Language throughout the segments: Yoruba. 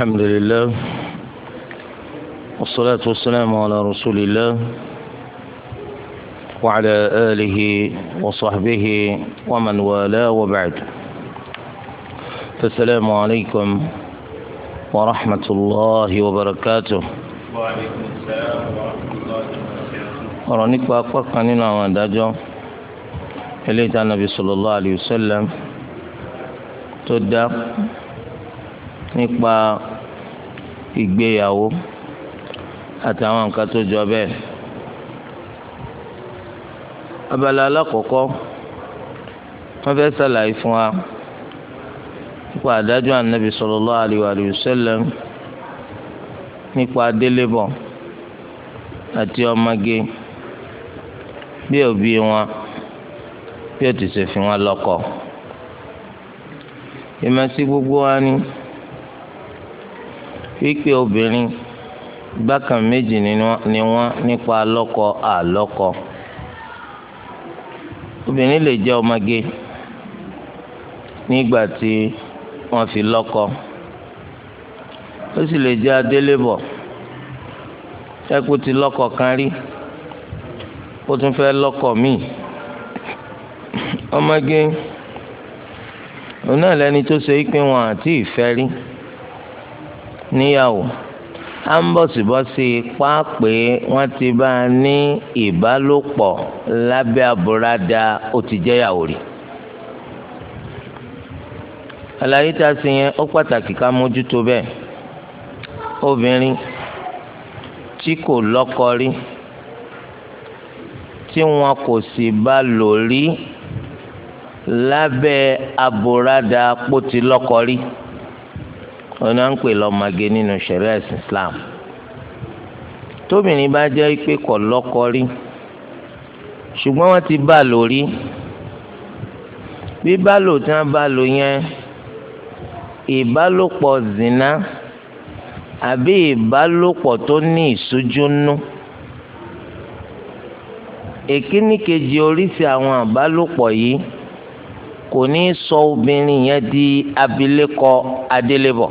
الحمد لله والصلاة والسلام على رسول الله وعلى آله وصحبه ومن والاه وبعد فالسلام عليكم ورحمة الله وبركاته وعليكم السلام ورحمة الله وبركاته ورنك وأقفقنا لنا ونداجه إليت النبي صلى الله عليه وسلم تدق nípa ìgbéyàwó àtàwọn nǹkan tó jọ bẹ́ẹ̀. abala alákọ̀ọ́kọ́ wọ́n fẹ́ sàlàyé fún wa nípa àdájọ́ ànábì sallallahu alaihi wa sallam nípa adélébọ̀ àti ọmọge bí òbí wọn bí ó fi wọn lọ́kọ. ìmọ̀sí gbogbo wa ni wípé obìnrin bákan méjì ni wọ́n nípa lọ́kọ àlọ́kọ obìnrin lè jẹ́ ọmọge nígbà tí wọ́n fi lọ́kọ ó sì lè jẹ́ adélébọ̀ ẹkú ti lọ́kọ kan rí ó tún fẹ́ lọ́kọ míì ọmọge òun náà lẹni tó ṣe é wọn àti ìfẹ́ rí níyàwó à ń bọ̀sibọ́sí pápẹ́ wọ́n ti bá a ní ìbálòpọ̀ lábẹ́ àbúradà ó ti jẹ́yàwó rí. àlàyé tá a sì yẹn ó pàtàkì ká mójútó bẹ́ẹ̀ obìnrin tí kò lọ́kọ rí tí wọn kò sì bá lò rí lábẹ́ àbúradà pò ti lọ́kọ rí wọn náà ń pè lọ́mọge nínú ṣẹ̀ríà Islam tóbìnrin bá jẹ́ pé kò lọ́kọ rí ṣùgbọ́n wọ́n ti bá a lò rí bí bá lò tí wọ́n bá lò yẹn ìbálòpọ̀ zina àbí ìbálòpọ̀ tó ní ìsújúnú èkíní kejì oríṣi àwọn àbálòpọ̀ yìí kò ní sọ obìnrin yẹn di abilékọ adélébọ̀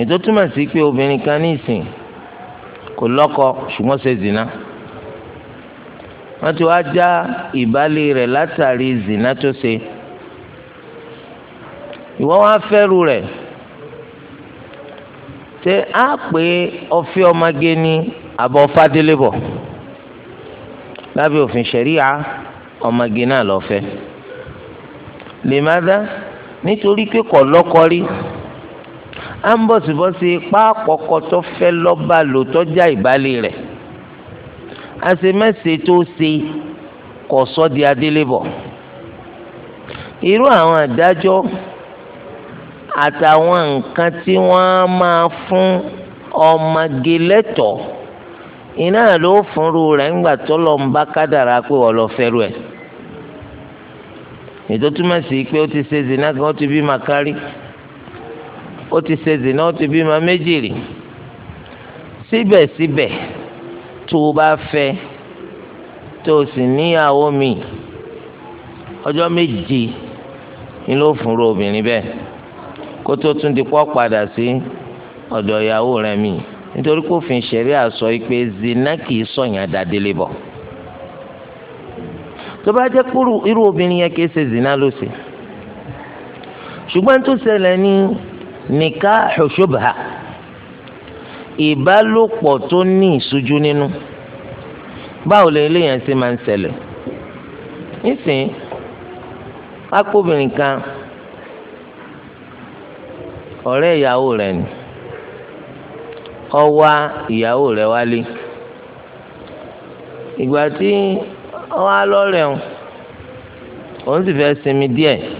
ètò túmọ̀ sí pé obìnrin kan ní ìsìn kò lọ́kọ ṣùgbọ́n ṣe zina wọ́n ti wá já ìbálé rẹ̀ látàrí zina tó ṣe ìwọ wá fẹ́rù rẹ̀ ṣé á pé ọfẹ́ ọmọge ní abọ́ fadélébọ̀ lábẹ́ òfin ṣẹ̀ríà ọmọge náà lọ́fẹ́ lèmádá nítorí pé kò lọ́kọ rí à ń bọ̀sibọ́sí pápọ̀kọ tó fẹ́ lọ́ba lò tọ́jà ìbálẹ̀ rẹ̀ àṣemẹ́sẹ̀ tó ṣe kò sọ di adélébọ̀ irú àwọn àdájọ́ àtàwọn nǹkan tí wọ́n máa fún ọmọge lẹ́tọ̀ọ́ iná ló fúnru rẹ̀ ńgbà tó lọ ń bá kádàrá pé wọ́n lọ fẹ́rù ẹ̀ ètò túmọ̀ sí pé ó ti ṣe e. zina ó ti bí màkárí. ó ti ṣe zina ó ti bímọ méjì rí síbẹ̀síbẹ̀ tó o bá fẹ́ tó o sì níyàwó mi ọjọ́ méje ni ló fún ro obìnrin bẹ́ẹ̀ kó tó tún di pọ́ padà sí ọ̀dọ̀ ìyàwó rẹ̀ mi nítorí kó fi ṣẹ̀rí àsọ pé zina kì í sọ̀yàn dàdélé bọ̀ tó bá jẹ́ kúrú irú obìnrin yẹn kì í ṣe zina ló ṣe ṣùgbọ́n tó ṣẹlẹ̀ ní. nikahu shubha ìbálòpọ̀ tó ní ìṣújú nínú báwo lè léèyàn ṣe máa ń ṣẹlẹ̀ nísìn akóbìnrin kan ọ̀rẹ́ ìyàwó rẹ̀ ni ó wá ìyàwó rẹ̀ wálé ìgbà tí ó wá lọ́rẹ̀ òun sì fẹ́ sinmi díẹ̀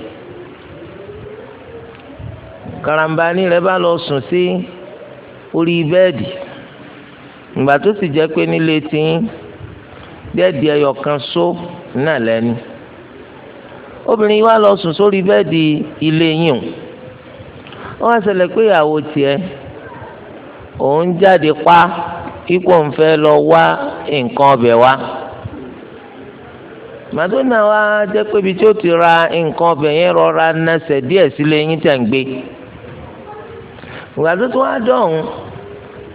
karambani rẹ̀ bá lọ sùn sí orí bẹ́ẹ̀dì ìgbà tó sì jẹ́ pé nílé tiyín bẹ́ẹ̀dì ẹyọ kan só náà lẹ́nu obìnrin wa lọ sùn sórí bẹ́ẹ̀dì ilé o wọ́n ṣẹlẹ̀ pé ìyàwó tiẹ̀ òun jáde pa kíkó ń fẹ́ lọ wá nǹkan ọbẹ̀ wá màdúnà wa jẹ́ pé ibi tí ó ti ra nǹkan yẹn rọra sílé yín ìgbà tó tún wá dọ̀hún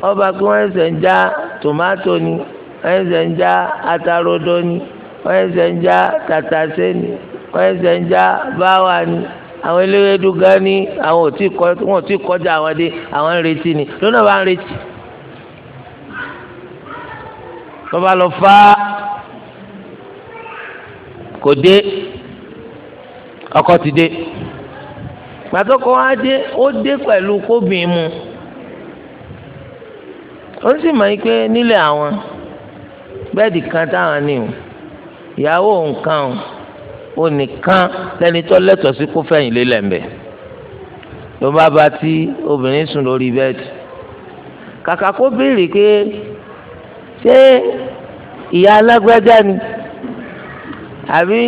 ọba pé wọ́n ẹsẹ̀ ń já tòmátò ni wọ́n ẹsẹ̀ ń já atarodo ni wọ́n ẹsẹ̀ ń já tàtàṣé ni wọ́n ẹsẹ̀ ń já báwa ni àwọn eléwédú gan ni àwọn ò tí kọjá àwọn dé àwọn ń retí ni lónà bá ń retí lọ́ba lọ fa kò dé ọkọ ti dé gbàtọ́ kọ́ wá dé ó dé pẹ̀lú kóbìn mu ó sì mọ̀ pé nílé àwọn bẹ́ẹ̀dì kan táwọn ní o ìyàwó nǹkan o nìkan lẹ́ni tó lẹ́tọ̀ọ́ sí kó fẹ̀yìn lélẹ̀ ń bẹ̀ ló bá ba tí obìnrin sùn lórí bẹ́ẹ̀dì kàkà kó béèrè pé ṣé ìyá alágbájá ni àbí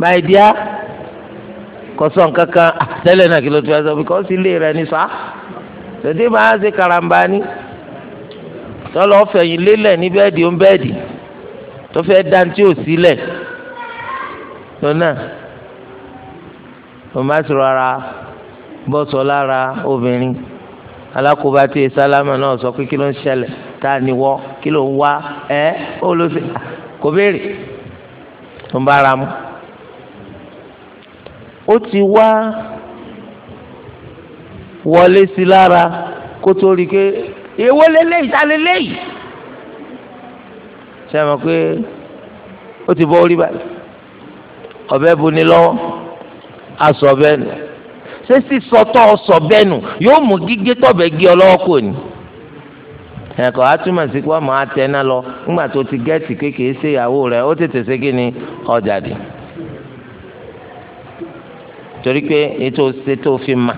bàìdíá kọsán kankan ah, tẹ́lẹ̀ náà kí ló ti wá sọ bíkọ́sì ilé rẹ ní sá tètè máa ṣe karamba ni tọ́lọ́ fẹ̀yìn lélẹ̀ ní bẹ́ẹ̀dì ó ń bẹ́ẹ̀dì tó fẹ́ dantí ò sílẹ̀ lọ́nà mo má sọ̀rọ̀ ara bọ́ sọ lára obìnrin alákòóbá tí e sálámà náà sọ pé kí ló ń ṣẹlẹ̀ tá a níwọ́ kí ló ń wá ẹ́ ó ló ṣe kò béèrè tó ń bára mu. ó ti wá wọlé sí lára kó tó rí i pé èwo lélẹ́yìí ta lélẹ́yìí ṣe mọ̀ pé ó ti bọ́ orí buni lọ́wọ́ aṣọ ọ̀bẹ nù ṣé sísọ tọ́ bẹ́ẹ̀ nù yóò mú gígé tọ̀bẹ gé ọ lọ́wọ́ kò ní ẹ̀kọ́ atúmọ̀ sí pé atẹ náà lọ ńgbà tó ti gẹ́ẹ̀tì kékeré ṣe ìyàwó rẹ̀ ó tètè ṣe kí ni ọjà dì. torí pé ètò ṣe tó fi mà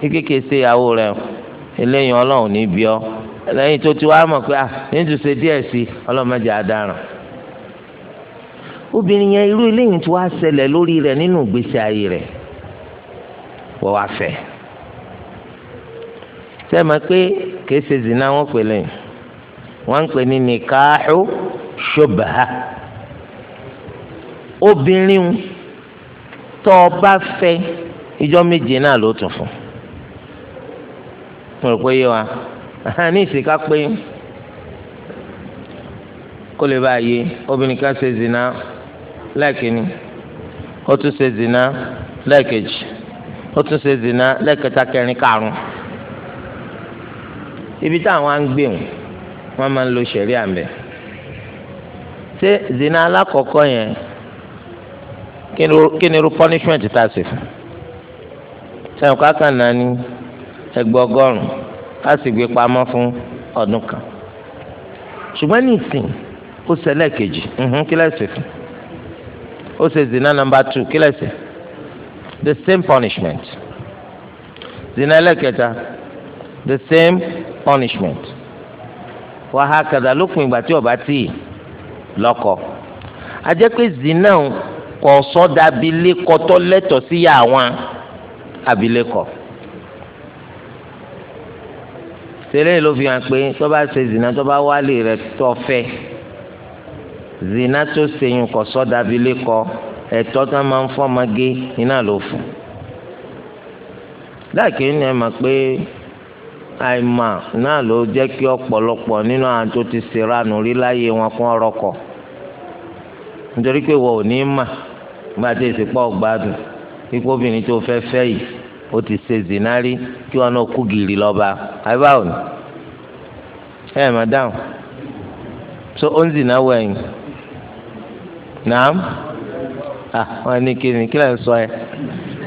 kékeré ṣe ìyàwó rẹ eléyìí ọlọ́run ní bí ọ lẹ́yìn tó ti wá mọ̀ pé ah ní tún ṣe díẹ̀ sí ọlọ́mọdé àdáràn obìnrin yẹn irú eléyìí tí wàá ṣẹlẹ̀ lórí rẹ̀ nínú ìgbésí ayé rẹ̀ wọ́n wá fẹ́ sẹ́mi pé kìí ṣe zina wọ́n pè lẹ́yìn wọ́n ń pè ní nìkaáhù ṣubha obìnrin tọ́ ọ bá fẹ́ ìjọ méje náà ló tún fún mo rò pé yé wa ní ìsìnká pé kó lè bá yé obìnrin kan ṣe zina lẹ́ẹ̀kínní ó tún ṣe zina lẹ́ẹ̀kejì ó tún ṣe zina lẹ́ẹ̀kẹta kẹrin karùn-ún ibi táwọn á ń gbé wọn wọn máa ń lo ṣẹ̀rí àmì ṣé zina alákọ̀ọ́kọ́ yẹn kí ni irú punishment tá a ṣe fún sẹ́wọ̀n kákan náà ní ẹgbẹ́ ọgọ́rùn-ún ká sì gbé pamọ́ fún ọdún kan ṣùgbọ́n ní ìsìn ó ṣẹlẹ̀ kejì kí lẹ́sẹ̀ fún ó ṣe zina number two kí lẹ́sẹ̀ the same punishment zina ẹlẹ́kẹta the same punishment wàhálà kàdà lópin ìgbà tí ọba tí lọ́kọ a jẹ́ pé zina ọ̀hún kọ sọ́dọ̀ abilékọ tó lẹ́tọ̀ọ́ sí yà wọn abilékọ. tẹ́lẹ̀ ló fi hàn pé tó bá ṣe zina tó bá wálé rẹ̀ tó fẹ́ zina tó ṣèyún kọ sọ́dọ̀ abilékọ ẹ̀tọ́ tó máa ń fọ́mọgé iná ló fún. dáàkì ń yẹn mọ̀ pé àìmọ̀ náà ló jẹ́ kí ọ̀pọ̀lọpọ̀ nínú àwọn tó ti ṣèrànù rí láyé wọn kún ọ̀rọ̀ kọ̀ nítorí pé wọn ò ní mà nígbà tí èsì pọ̀ gbádùn kíkó obìnrin tó fẹ́ fẹ́ yìí ó ti ṣe zinari kí wọn náà kú gìrì lọ́ba àbá òní ẹ ẹ̀ madam so ó ń zina wọ ẹ̀yìn naam ah wọn ní kí ni kí lẹ́yìn sọ yẹ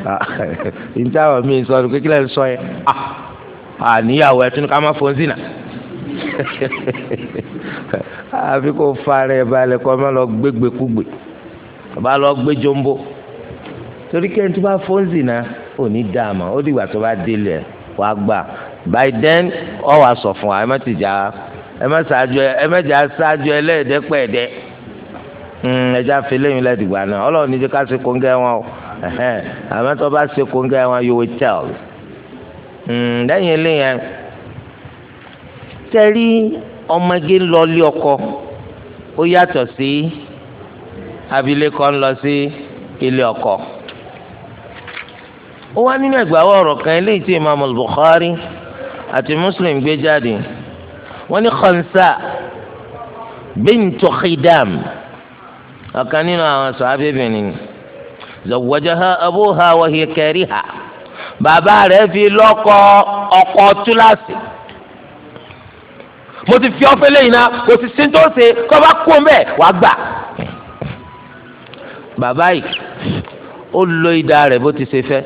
ah níta wọn mi sọ pé kí lẹ́yìn sọ yẹ ah ah níyàwó ẹ̀ tún ká má fọ́n zina àfi kò fa rẹ̀ balẹ̀ kọ́ ọ má lọ gbégbé kúgbè. bá lọ gbé jombo torí kẹ́ni tó bá fóńzì náà ò ní dá a mọ̀ ó dìgbà tó bá délé ẹ̀ wá gbà by then ọ wà sọ fún wa ẹ má ti jà ẹ má ṣáájú ẹ má jà ṣáájú ẹlẹ́ẹ̀dẹ́pẹ̀ẹ́dẹ́ hmm, ẹja fẹlẹ́yìn lẹ́dìgbà náà ọlọ́run ní ká ṣe kóńgẹ́ wọn o àmọ́ tó bá ṣe kóńgẹ́ wọn you will tell hmm, lẹ́yìn eléyẹn tẹ́rí ọmọge lọ lé ọkọ ó yàtọ̀ sí. Si, abilékọ ń lọ sí ilé ọkọ. ó wá nínú ẹgbàáwọ̀ ọ̀rọ̀ kan eléyìí tí imaamu bukhari àti muslim gbé jáde wọ́n ní khansa bintu khidam ọ̀kan nínú àwọn sọ̀hábìbìnrin zawwajaha abuha wa hiya kariha bàbá rẹ̀ fi lọ́kọ ọkọ túláàsì mo ti fi ọ́ fẹ́lẹ́ yìí kò sì sí tó ṣe kọ́ kú ọ́ wàá gbà. bàbá yìí ó lo idà rẹ̀ bó ti ṣe fẹ́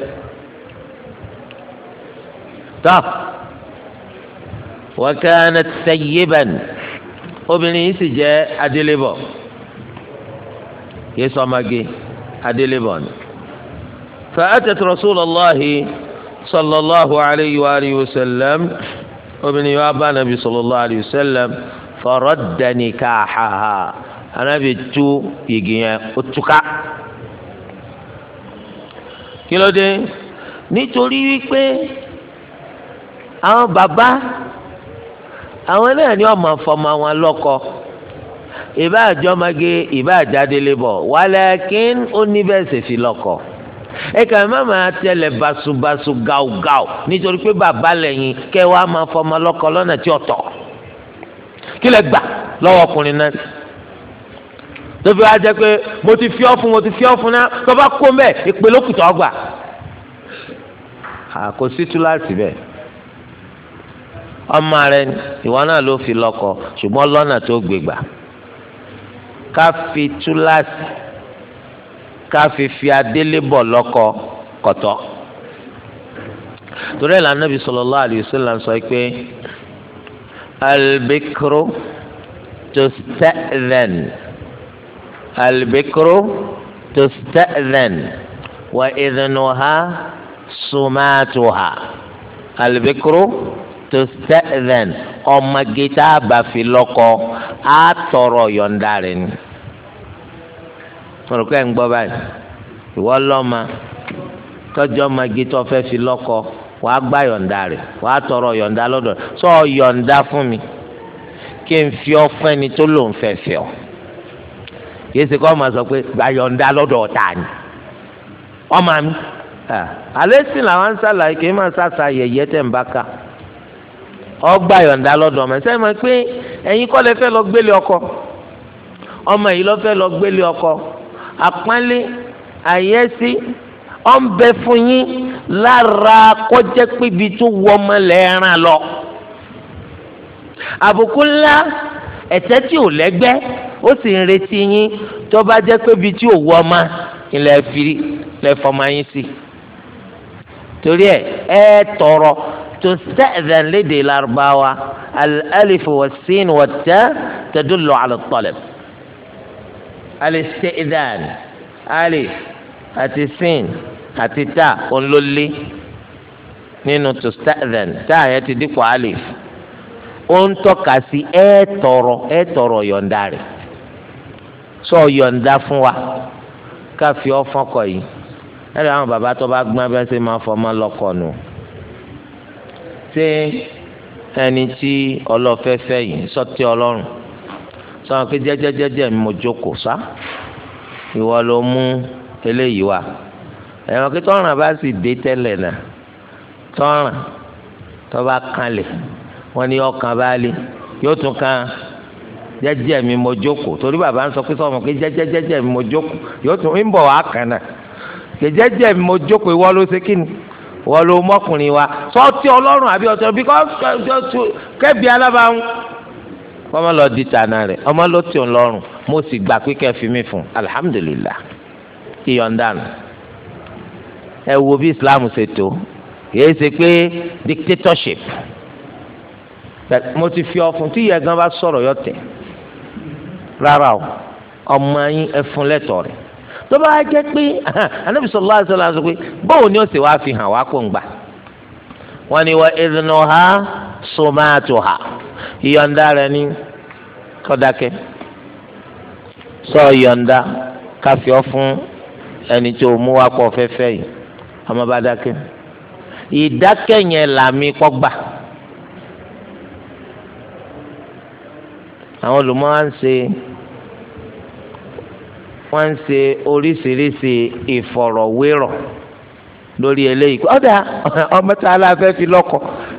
tọ́ wa kanat sayyiban obìnrin yìí sì jẹ́ adélébọ̀ kìí sọmagi adélébọ̀ ni fa atat rasulallahi sallallahu alayhi wa alihi wa sallam obìnrin yìí wá bá nàbì sallallahu alayhi wa sallam faradda nikahaha anabi tú igi yẹn ó túká. kí ló dé nítorí wípé àwọn bàbá àwọn náà ni ọmọ fọmọ àwọn lọ́kọ ìbá àjọmọge ìbá àjádélé bọ wàlẹkìn ó ní bẹ́ẹ̀ sì fi lọ́kọ ẹ kà má máa tẹlẹ basubasu gaugau nítorí pé bàbá lẹ́yìn kẹwàá máa fọmọ lọ́kọ lọ́nà tí ọ̀tọ̀ kí gbà lọ́wọ́ ọkùnrin náà tóbi wá jẹ́ pé mo ti fi ọ́ fún mo ti fi ọ́ fún náà tó bá kó mbẹ́ ìpè lókùtà ọgbà. kò sí túláàsì bẹ́ẹ̀ ọmọ rẹ ìwọ náà ló fi lọ́kọ ṣùgbọ́n lọ́nà tó gbégbà ká fi túláàsì ká fi fi adélébọ̀ lọ́kọ kọ̀tọ́ torí ẹ̀la nàbì sallallahu alaihi wasallam sọ pé albikru tusta'dhan albikro تستأذن wa idhnuha sumatuha albikro tusta'dhan ọmọge tá a bá fi lọ́kọ á tọrọ yọ̀ǹda rẹ̀ ni. olùkọ́ ẹ̀ ń gbọ́ báyìí ìwọ lọ́mọ tọ́jú ọmọge tó fẹ́ fi lọ́kọ wàá gbà yọ̀ǹda rẹ̀ wàá tọrọ yọ̀ǹda lọ́dọ̀ sọ yọ̀ǹda fún mi kí n fi ọ fún ẹni tó lòún fẹ́ fẹ́ ọ kìí ṣe kọ́ ọmọ sọ pé gbayọ̀ǹda lọ́dọ̀ ọ̀tá ni ọmọ mi alẹ́ sìn làwọn ń sàlàyé kìí máa sàṣà yẹ̀yẹ́ tẹ̀ ń bá ká ọgbà yọ̀ǹda lọ́dọ̀ ọmọ ṣe é mọ̀ pé ẹ̀yin kọ́ lẹ fẹ́ lọ gbélé ọkọ ọmọ yìí lọ fẹ́ lọ gbélé ọkọ àpọ́nlé àyẹ́sí ọ̀n bẹ fún yín lára kọjá pébi tó wọ ọmọ lẹ́ẹ̀ràn lọ àbùkù ńlá ẹ̀tẹ́ tí ò lẹ́gbẹ́ ó sì ń retí yín tó bá jẹ́ pé ibi tí òwú ọmọ ilẹ̀ fi lẹ́fọ́ máa yín sí. torí ẹ ẹ tọrọ tusta'dhan lédè lárúbáwá al-alif was-sin wat-ta tadullu ala at-talab. al-istidhan alif àti sin àti ta ònlólé nínú tusta'dhan ta yẹn ti dípò alif ó ń tọ́ka sí ẹ tọrọ ẹ tọrọ yọ̀ǹda rẹ̀ sọ yọ̀ǹda fún wa ká fi ọ́ fọ́kọ yìí ẹ̀rọ àwọn bàbá tó bá gbọ́n bẹ́ẹ̀ ṣe máa fọmọ lọ́kọ nù. ṣé ẹni tí ọlọ́fẹ́fẹ́ yìí sọ́tí ọlọ́run sọ̀rọ̀ pé jẹ́jẹ́jẹ́jẹ́ mi mo jókòó sá ìwọ ló mú eléyìí wá ẹ̀rọ kí tọ́ràn bá sì dé tẹ́lẹ̀ náà tọ́ràn tó bá kanlẹ̀ wọ́n ní ọkàn bá lé yóò tún kan jẹ́jẹ́ mi mo jókòó torí bàbá ń sọ pé sọmọ pé jẹ́jẹ́ jẹ́jẹ́ mi mo jókòó yóò tún ń bọ̀ wá kàn náà kì jẹ́jẹ́ mi mo jókòó ìwọ ló ṣe kíni ìwọ ló mọkùnrin wa sọtí Ọlọ́run àbí ọtọ bí kẹbi alábàáhùn kọ́mọ lọ di tànà rẹ̀ ọmọ ló ti ń lọ́rùn mo sì gbà pé kẹ́ fi mí fún alihamudulilah ìyọ̀ndànù ẹ wo bí Islam ṣe tó kìí ṣe pé dictatorship mo ti fi ọ fún tí gan bá sọ̀rọ̀ yọ tẹ̀ rárá o ọmọ yín ẹ fún lẹ́tọ̀ọ́ rẹ̀ tó bá jẹ́ pé anabi sallallahu alaihi wasallam sọ pé báwo ni ó sì wáá fi hàn wá kó ń gbà wọ́n ní wa idhnuha sumatuha ìyọ̀ǹda rẹ̀ ní kọ́dákẹ́ sọ ìyọ̀ǹda káfíọ́ fún ẹni tó mú wá pọ̀ fẹ́fẹ́ yìí ọmọ bá dákẹ́ ìdákẹ́ yẹn làmì kọ́gbà àwọn olùmọ̀ á ń ṣe wọ́n ń ṣe oríṣiríṣi ìfọ̀rọ̀wérọ̀ lórí eléyìí ọ̀dà ọmọ tá a láfẹ́ fi lọ́kọ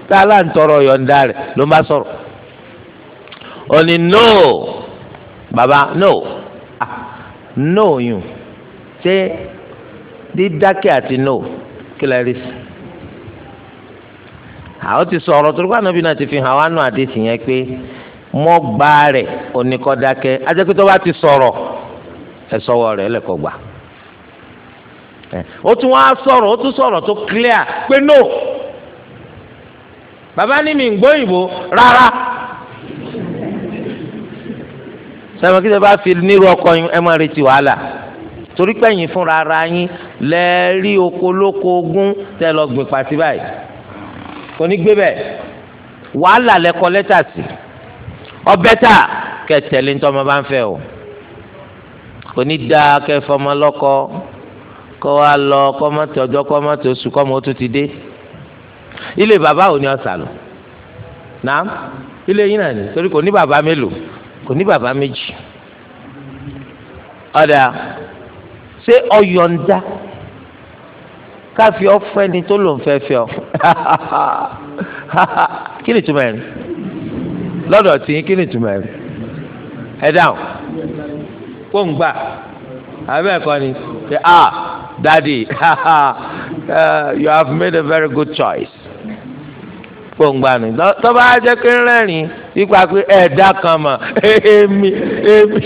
tá a lá ń tọrọ yọ̀ǹda rẹ̀ ló má sọ̀rọ̀ ó ní no baba no ah, no yùn ṣé dídákẹ́ àti no kí lè rí sí àwọn ti sọ̀rọ̀ tó lóko ànábì náà ti fi hàn wá nù àdéhìí yẹn pé mọ́gbà rẹ̀ oníkọ́dákẹ́ ajẹ́pẹ́tọ́ bá ti sọ̀rọ̀ ẹ sọ́wọ́ rẹ̀ lẹ́kọ̀ọ́ gbà. ó tún wá sọ̀rọ̀ ó tún sọ̀rọ̀ tó clear pé no bàbá ní mi ń gbóyìnbó rárá sọ̀rọ̀ kí ló bá fi nírú ọkọ yín ẹ máa retí wàhálà torí pé ẹ̀yin fúnra ara yín lẹ́ẹ̀rí oko lóko ogún tẹ́ lọ gbìn pàtí báyìí kò ní gbé bẹ́ẹ̀ wàhálà lẹ́kọ lẹ́tà sí i ọbẹ̀ tà kẹ́ tẹ̀lé ní bá ń fẹ́ o kò ní dáa kẹ́ fọmọ lọ́kọ kọ́ wa lọ kọ́mọ́tì ọjọ́ kọ́mọ́tì oṣù kọ́mọ ó tún ti dé ilé bàbá ò ní ọ̀sà lọ náà ilé yín náà ni torí kò ní bàbá mélòó kò ní bàbá méjì ọ̀dà ṣé ọ̀yọ̀ǹda káfí ọ̀fẹ́ ni tó lòún fẹ́ fẹ́ ọ kí ni túmọ̀ ẹ̀ lọ́dọ̀ tí kí ni ìtumọ̀ ẹ̀ ẹ̀ dáhùn kó ń ẹ̀kọ́ ni ṣe ah daddy uh, you have made a very good choice kó ń gbà ni tọ́ba jẹ́ kí ń rẹ́rìn ipa pé ẹ̀dá kan mà èmi èmi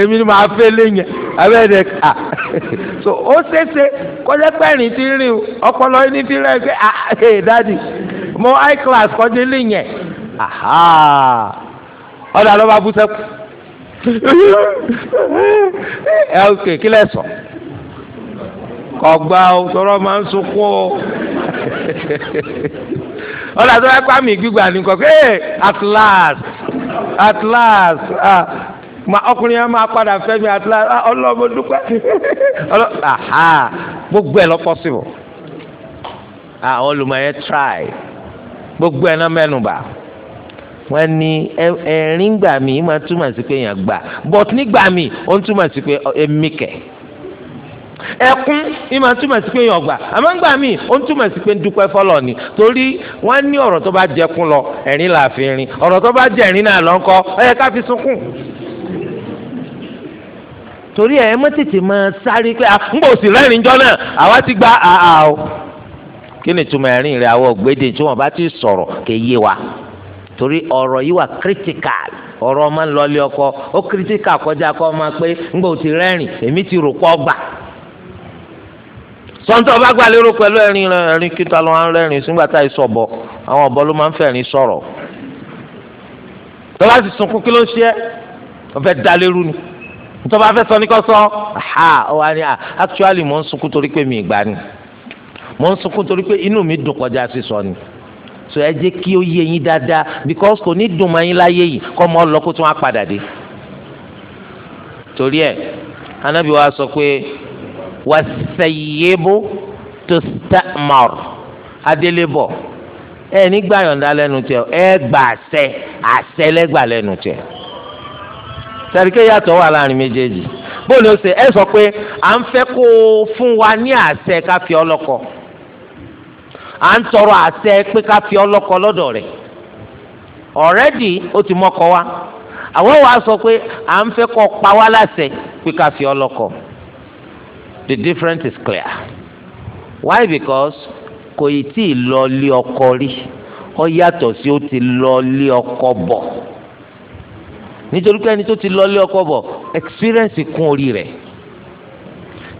èmi ni màá fẹ́ léyìn àbẹ́ ẹ̀dẹ̀ ah so ó ṣeéṣe kọjá pẹ́ẹ́rìn tí ń rìn ọpọlọ ní fi rẹ́ pé ah hey daddy mo high class kọjá léyìn ọ̀dà ló bá bú sẹ́kù ẹ ok kí lẹ sọ kọgbà o tọrọ máa ń sunkún o ọ̀dà tó bá pa gbígbà ní kọ̀ọ̀kan ẹ at last at last ah, Ma ọkùnrin yẹn máa padà fẹ́ mi at last ah, ọlọ́mọ dúpẹ́ gbogbo ẹ̀ lọ possible àwọn ah, olùmọ̀ yẹn try gbogbo ẹ̀ náà mẹ́nu wọ́n ní ẹ̀rín gbà mí máa túmọ̀ sí pé èèyàn gbà but nígbà mí ó ń túmọ̀ sí pé èmi kẹ̀ ẹkún ìmọ̀ túmọ̀ sí pé èèyàn gbà àmọ́ gbà mí ó ń túmọ̀ sí pé ń dúpẹ́ fọlọ́ ni torí wọ́n ní ọ̀rọ̀ tó bá jẹkún lọ ẹ̀rín là fi rin ọ̀rọ̀ tó bá jẹ̀rín náà lọ́ńkọ́ ó yẹ ká fi sunkún torí ẹ mọ tètè máa sáré pé n kò sì rẹ́rìn jọ náà àwa ti gba àà o kí ni túmọ̀ ẹ̀rín rẹ̀ àwọn ògbédè torí ọ̀rọ̀ yìí wà critical ọ̀rọ̀ ọmọ ńlọlé ọkọ ó critical kọjá kọ́ ọmọ pé ńgbà ò ti rẹ́rìn èmi ti rò pọ̀ gbà sọ́ńtọ́ bá gbà lérò pẹ̀lú ẹ̀rín ẹ̀rín kíta ló máa ń rẹ́rìn sígbà tá ìsọ̀bọ̀ àwọn ọ̀bọ ló máa ń fẹ̀rín sọ̀rọ̀ Sunkun bá ti sunkún kí ló ń ṣe é wọ́n fẹ́ da lérú ni fẹ́ sọ sọ ha ó wà ní actually mò ń sunkún torí pé mi ìgbà ni mi ni. so ẹ jẹ́ kí ó yé yín dáadáa because kò ní dùn mọ́ yín láyé yìí kọ́ mọ́ lọ kó tún á padà dé. torí ẹ anábì wa sọ pé wàsẹ̀yẹ́bù tó stamar adélébọ̀ ẹ nígbà yọ̀ǹda lẹ́nu tẹ ẹ gbà àṣẹ àṣẹ lẹ́gbà lẹ́nu tẹ sẹ́ríkẹ́ yàtọ̀ wà láàrin méjèèjì bóòlù ó ṣe ẹ sọ pé à ń fẹ́ kó fún wa ní àṣẹ ká fi à ń tọrọ àṣẹ pé ká fi ọlọ́kọ lọ́dọ̀ rẹ̀ ọ̀rẹ́dì ó ti mọ́kọ wa àwọn wa sọ pé à ń fẹ́ kọ́ pa wá láṣẹ pé ká fi ọlọ́kọ the difference is clear why because kò ì tí ì lọ lé ọkọ rí ó yàtọ̀ sí ó ti lọ lé ọkọ bọ̀ nítorí pé ẹni tó ti lọ lé ọkọ bọ̀ experience kún orí rẹ̀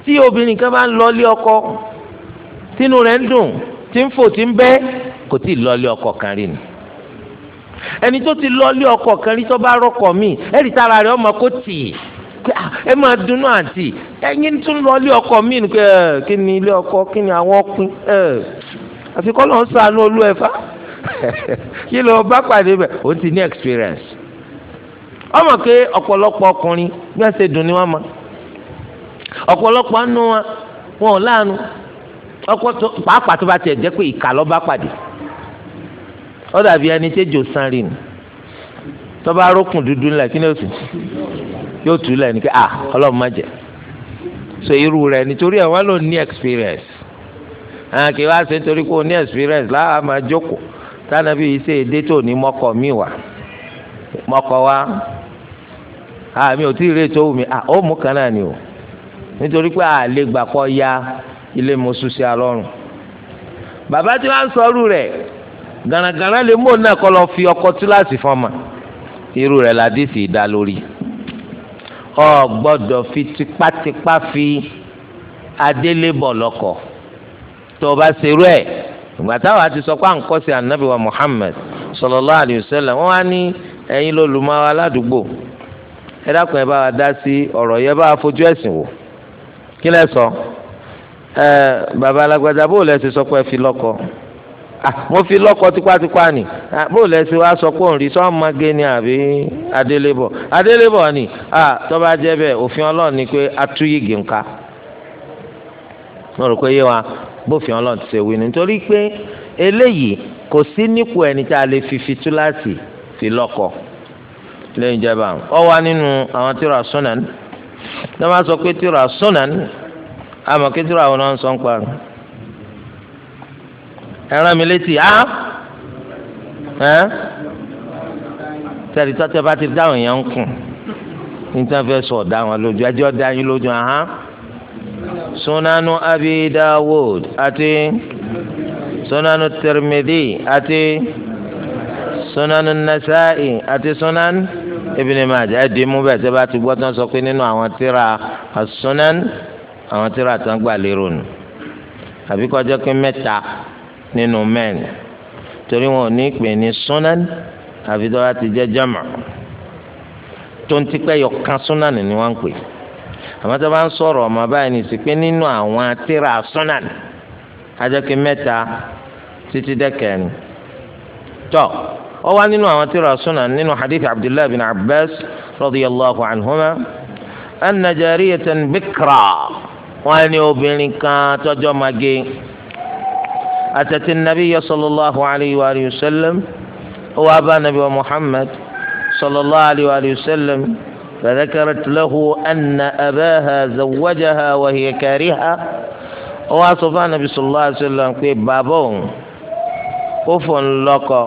tí obìnrin kan bá ń lọ lé ọkọ tínú rẹ̀ ń dùn tí ń fò tí ń bẹ́ kò tí ì lọ́ọ́lé ọkọ kan rí ẹni tó ti lọ́ọ́lé ọkọ kan rí tó bá rọ́kọ̀ míì ẹ̀rí tára rẹ̀ ọmọ kò tì í ah, ẹ máa dunnú àǹtí Ẹyin tún lọ́ọ́lé ọkọ míì ni pé eh, kí ni ilé ọkọ̀, kí ni àwọn ọkùn eh, àfi kọ́ lọ́n sànú olú ẹ̀fá kí bá pàdé ti ní experience ọmọ pé ọ̀pọ̀lọpọ̀ ọkùnrin ọkọ pàápàá tó bá tiẹ̀ jẹ́ pé ìkà lọ́ba pàdé ó dàbí ẹni tí jò san rìn tó bá rókùn dúdú ńlẹ̀ yóò tù lẹ̀ ní à ah, ọlọ́run so irú rẹ̀ nítorí ẹ̀ wọ́n lò ní experience àwọn kì í wá ṣe nítorí pé ní experience láwa máa jókòó tánà bí iṣẹ́ èdè tó ní wa ah, àmì ò tí ì rè tó wù mí à ah, ó mú kan náà ni ya ilé mọ́sùsì alọ́run bàbá tí wọ́n á sọ́ọ́rù rẹ̀ gànàgànà lè mú òun náà kọ́ lọ fi ọkọ túláàsì fọ́ọ̀mà irú rẹ̀ làdísì dá lórí ọ gbọ́dọ̀ fi tipátipá fi adélébọ̀ lọ́kọ tó o bá ṣerú ẹ̀ ìgbà táwọn àti sọ pé à ń kọ́ sí anabi wa Muhammad sallallahu alayhi wa sallam wọ́n wá ní ẹ̀yin lọ́lùmọ́ aládùúgbò ẹ dákun ẹ bá wa dá sí ọ̀rọ̀ yẹ bá wa fojú ẹ̀sìn wò kí lẹ sọ. Baba bàbá alágbádá bó lẹ ṣe sọ pé ẹ fi lọ́kọ ah, mo fi lọ́kọ tipátipá ni ah, bó lẹ ṣe sọ pé òun rí sọmọge ni àbí adélébọ̀ adélébọ̀ ni ah, tó bá jẹ́ òfin Ọlọ́run ni pé atúyìgì ńká mo rò pé yé wa bófin Ọlọ́run ti ṣe wí ni nítorí pé eléyìí kò sí nípò ẹni tá a lè fi fi túláàsì fi lọ́kọ lẹ́yìn ìjọba ọ wá nínú àwọn tíra sunan ní wọ́n bá sọ pé tíra sunan àmọ́ kẹtìrọ àwọn náà ń sọ ń pa ẹran mi létí á ẹ tẹ̀lé tọ́tẹ́ bá ti dáhùn yẹn ń kùn níta fẹ́ sọ ọ̀dà wọn lójú ẹjọ́ da yín lójú ahán sunanu abi dawud àti sunanu tirmidhi àti sunanu nasa'i àti sunan ibn majah ẹ dì í mú bẹ́ẹ̀ tẹ́ bá ti gbọ́ tán sọ pé nínú àwọn tíra as-sunan àwọn tíra tán gbà lérò nù àbí kọjá pé mẹ́ta nínú mẹ́rin torí wọn ò ní pè ní sunan àfi tó bá ti jẹ́ jama tó ń tipẹ́ yọ kan sunan ni wọ́n ń pè àmọ́ tó bá ń sọ̀rọ̀ ọmọ báyìí ní ìsìnkú nínú àwọn tíra sunan ajẹ́kẹ́ mẹ́ta títí dẹ́kẹ̀rin tọ́ ọ wá nínú àwọn tíra sunan nínú hadith abdullahi bin abbas radiyallahu anhuma anna jariyatan wọ́n ní obìnrin kan tọ́jọ́ mage àtẹ̀tẹ̀ nabiyya sallallahu alayhi wa sallam ó wá bá nabi wa muhammad sallallahu alayhi wa sallam fadhakarat lahu anna abaha zawwajaha wa hiya kariha ó wá sọ fún anabi sallallahu alayhi wa pé bàbá òun ó fòun lọ́kọ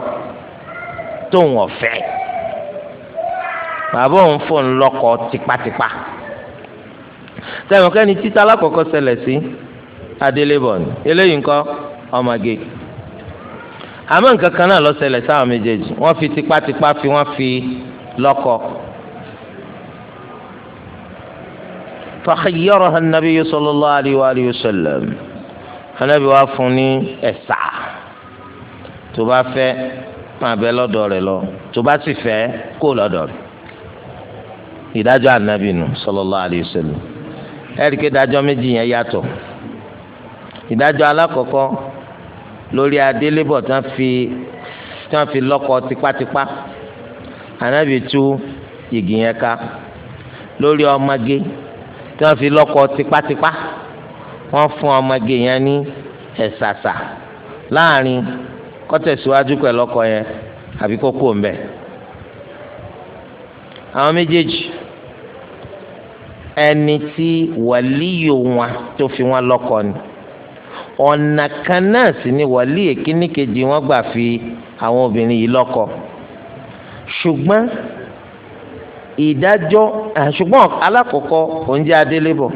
tóun ọ̀fẹ́ bàbá òun fòun lọ́kọ tipátipá sẹ́yìn ọ̀kẹ́ni títí alákọ̀ọ́kọ́ ṣẹlẹ̀ sí adélébọ̀ ni eléyìí ńkọ́ ọmọge àmọ́ nǹkan kan náà ló ṣẹlẹ̀ sáwọn méjèèjì wọ́n fi tipátipá fi wọ́n fi lọ́kọ. فخيرها النبي صلى الله عليه وآله وسلم Ànábì wa fún ní ẹ̀sà tó bá fẹ́ máa bẹ lọ́dọ̀ rẹ̀ lọ tó bá sì fẹ́ kó lọ́dọ̀ rẹ̀ ìdájọ́ Ànábì nù sallallahu alaihi wasallam ẹ̀ríkẹ́ ìdájọ́ méjì yẹn yàtọ̀ ìdájọ́ alákọ̀ọ́kọ́ lórí adélébọ̀ tí wọ́n fi tí wọ́n fi lọ́kọ tipátipá ànábì tú yìgì yẹn ká lórí ọmọge tí wọ́n fi lọ́kọ tipátipá wọ́n fún ọmọge yẹn ní ẹ̀sàsà láàrin kọ́tẹ̀síwájú pẹ̀lú ọkọ yẹn àbí kókó ń àwọn méjèèjì ẹni tí wàlíyò wọn tó fi wọn lọ́kọ ni ọ̀nà kan náà sì ni wàlíyè kíní kejì wọn gbà fi àwọn obìnrin yìí lọ́kọ ṣùgbọ́n ìdájọ́ ṣùgbọ́n alákọ̀ọ́kọ́ oúnjẹ adélébọ̀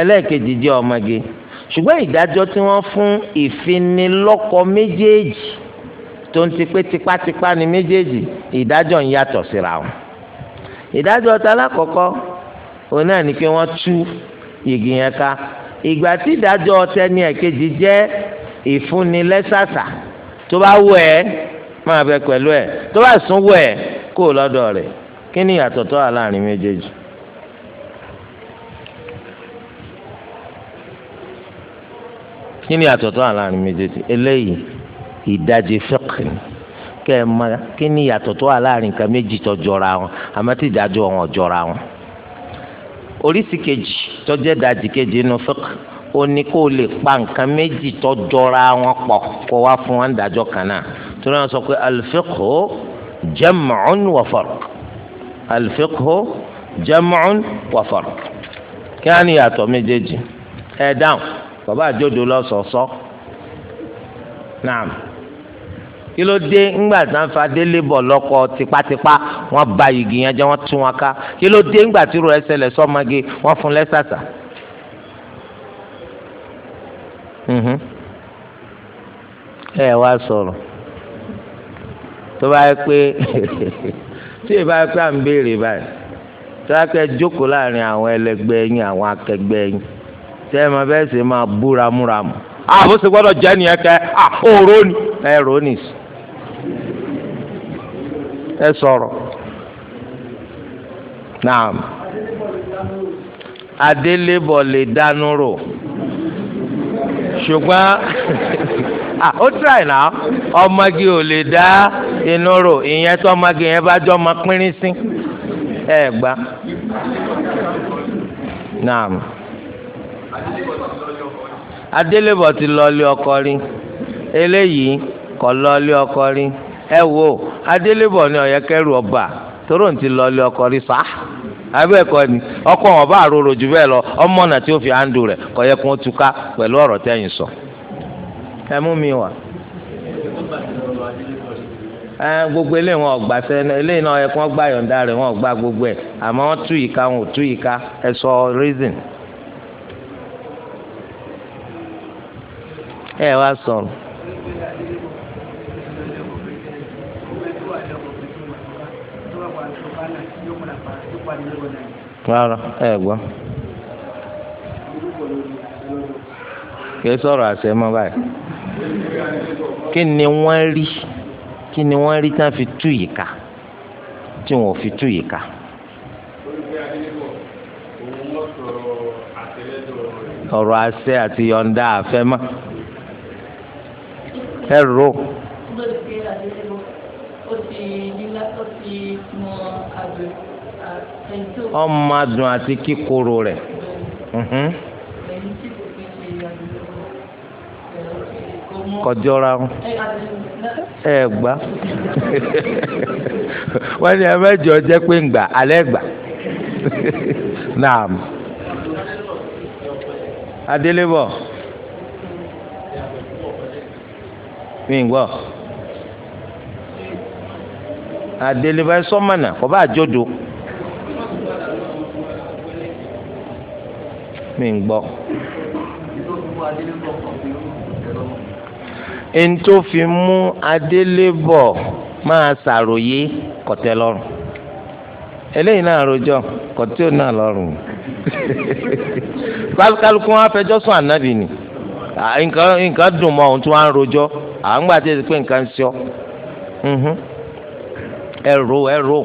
ẹlẹ́ẹ̀kejì jẹ́ ọmọge ṣùgbọ́n ìdájọ́ tí wọ́n fún ìfinilọ́kọ méjèèjì tó ń ti pé tipátipá ni méjèèjì ìdájọ́ ń yàtọ̀ síra wọn ìdájọ́ ta alákọ̀ọ́kọ́ òun náà ni pé wọ́n tú yìgì yẹn ká ìgbà tí ìdájọ́ tẹni ẹ̀kejì jẹ́ ìfúnni lẹ́sàsà tó bá wù ẹ́ máa bẹ pẹ̀lú ẹ̀ tó bá sún wù ẹ́ kó o lọ́dọ̀ rẹ̀ kí ni ìyàtọ̀ tó wà láàrin méjèèjì. kí ni ìyàtọ̀ tó wà láàrin méjèèjì eléyìí ìdajì fẹ́kì kẹ́ ẹ máa kí ni ìyàtọ̀ tó wà láàrin nǹkan méjì tó jọra wọn àmọ́ tí ìdájọ́ wọn jọra wọn oríṣi kejì tó jẹ́ dàjì kejì inú fiqh ó ní kó lè pa nǹkan méjì tó jọra wọn pọ̀ kó wá fún wọn dájọ́ kan náà torí wọn sọ pé al-fiqhu jam'un wa farq al-fiqhu wa farq kí á ní yàtọ̀ méjèèjì ẹ̀ dáhùn bàbá àjọjò lọ sọ̀ọ́sọ́ náà kí ló dé ńgbà tí wọ́n fa délé bọ̀ lọ́kọ tipátipá wọ́n ba igi yẹn jẹ́ wọ́n tún wọn ká kí ló dé ńgbà tí ro ẹsẹ̀ lẹ̀ sọ́mọge wọ́n fún lẹ́sàsà. Mhm. ẹ wá sọ̀rọ̀ tó bá yẹ pé tí ì bá yẹ pé à ń béèrè báyìí tó bá kẹ́ jókòó láàrin àwọn ẹlẹgbẹ́ yín àwọn akẹgbẹ́ yín tẹ́ ẹ máa bẹ́ẹ̀ sì máa búramúramù àbó ah, sì gbọ́dọ̀ nìyẹn kẹ́ à ah, ni ẹ rò ó nìsí. ẹ sọ̀rọ̀ naam adélébọ̀ lè dánú rò ṣùgbọ́n ah, ó try na ọmọge ò lè dá inú rò ìyẹn tó ọmọge yẹn bá jọ ọmọ pínrín sí ẹ gbá naam adélébọ̀ ti lọ ilé ọkọ rí eléyìí kọ̀ lọ ilé ọkọ rí. ẹ wo adélébọ̀ ni ọ̀yẹ́kẹ́rù ọba tóró ń ti lọ ilé ọkọ rí sá àbí ni ọkọ wọn bá rorò jù bẹ́ẹ̀ lọ ọmọ náà tí ó fi àǹdù rẹ̀ kọ́ yẹ kó túká pẹ̀lú ọ̀rọ̀ tẹ́yìn sọ. ẹ mú mi wá gbogbo eléyìí wọn ọgbà sẹ eléyìí náà ẹkún ọgbà yọ̀ǹda rẹ̀ wọn ọgbà gbogbo ẹ̀ àmọ́ wọn tú ìka wọn ò tú ìka ẹ sọ reason. ẹ wá claro ẹ gbọ́ kì í sọ̀rọ̀ àṣẹ mọ́ báyìí kí ni wọ́n rí kí ni wọ́n rí tán fi tú yìí ká tí wọ́n fi tú yìí ká. ọ̀rọ̀ àṣẹ àti yọ̀ǹda àfẹ́ ẹ rò ọmọ àti kíkorò rẹ̀ mhm. kọjọra ẹ gbà wọ́n ní ẹmẹjọ jẹ pé ń gbà alẹ́ gbà naam adélébọ̀ mi àdélébá ẹ sọ́mọ̀nà kọ́ bá àjọdò. mi ń gbọ́. ẹni tó fi mú adélébọ̀ máa ṣàròyé kọ̀tẹ́ lọ́rùn eléyìí náà rojọ́ kọ̀tẹ́ ò náà lọ́rùn kálukú wọn afẹjọ́ sùn ànábì ni nǹkan dùn mọ́ ohun tí wọ́n á àwọn gbà tí pé nǹkan ń ṣọ́. ẹ̀rọ ẹ̀rọ.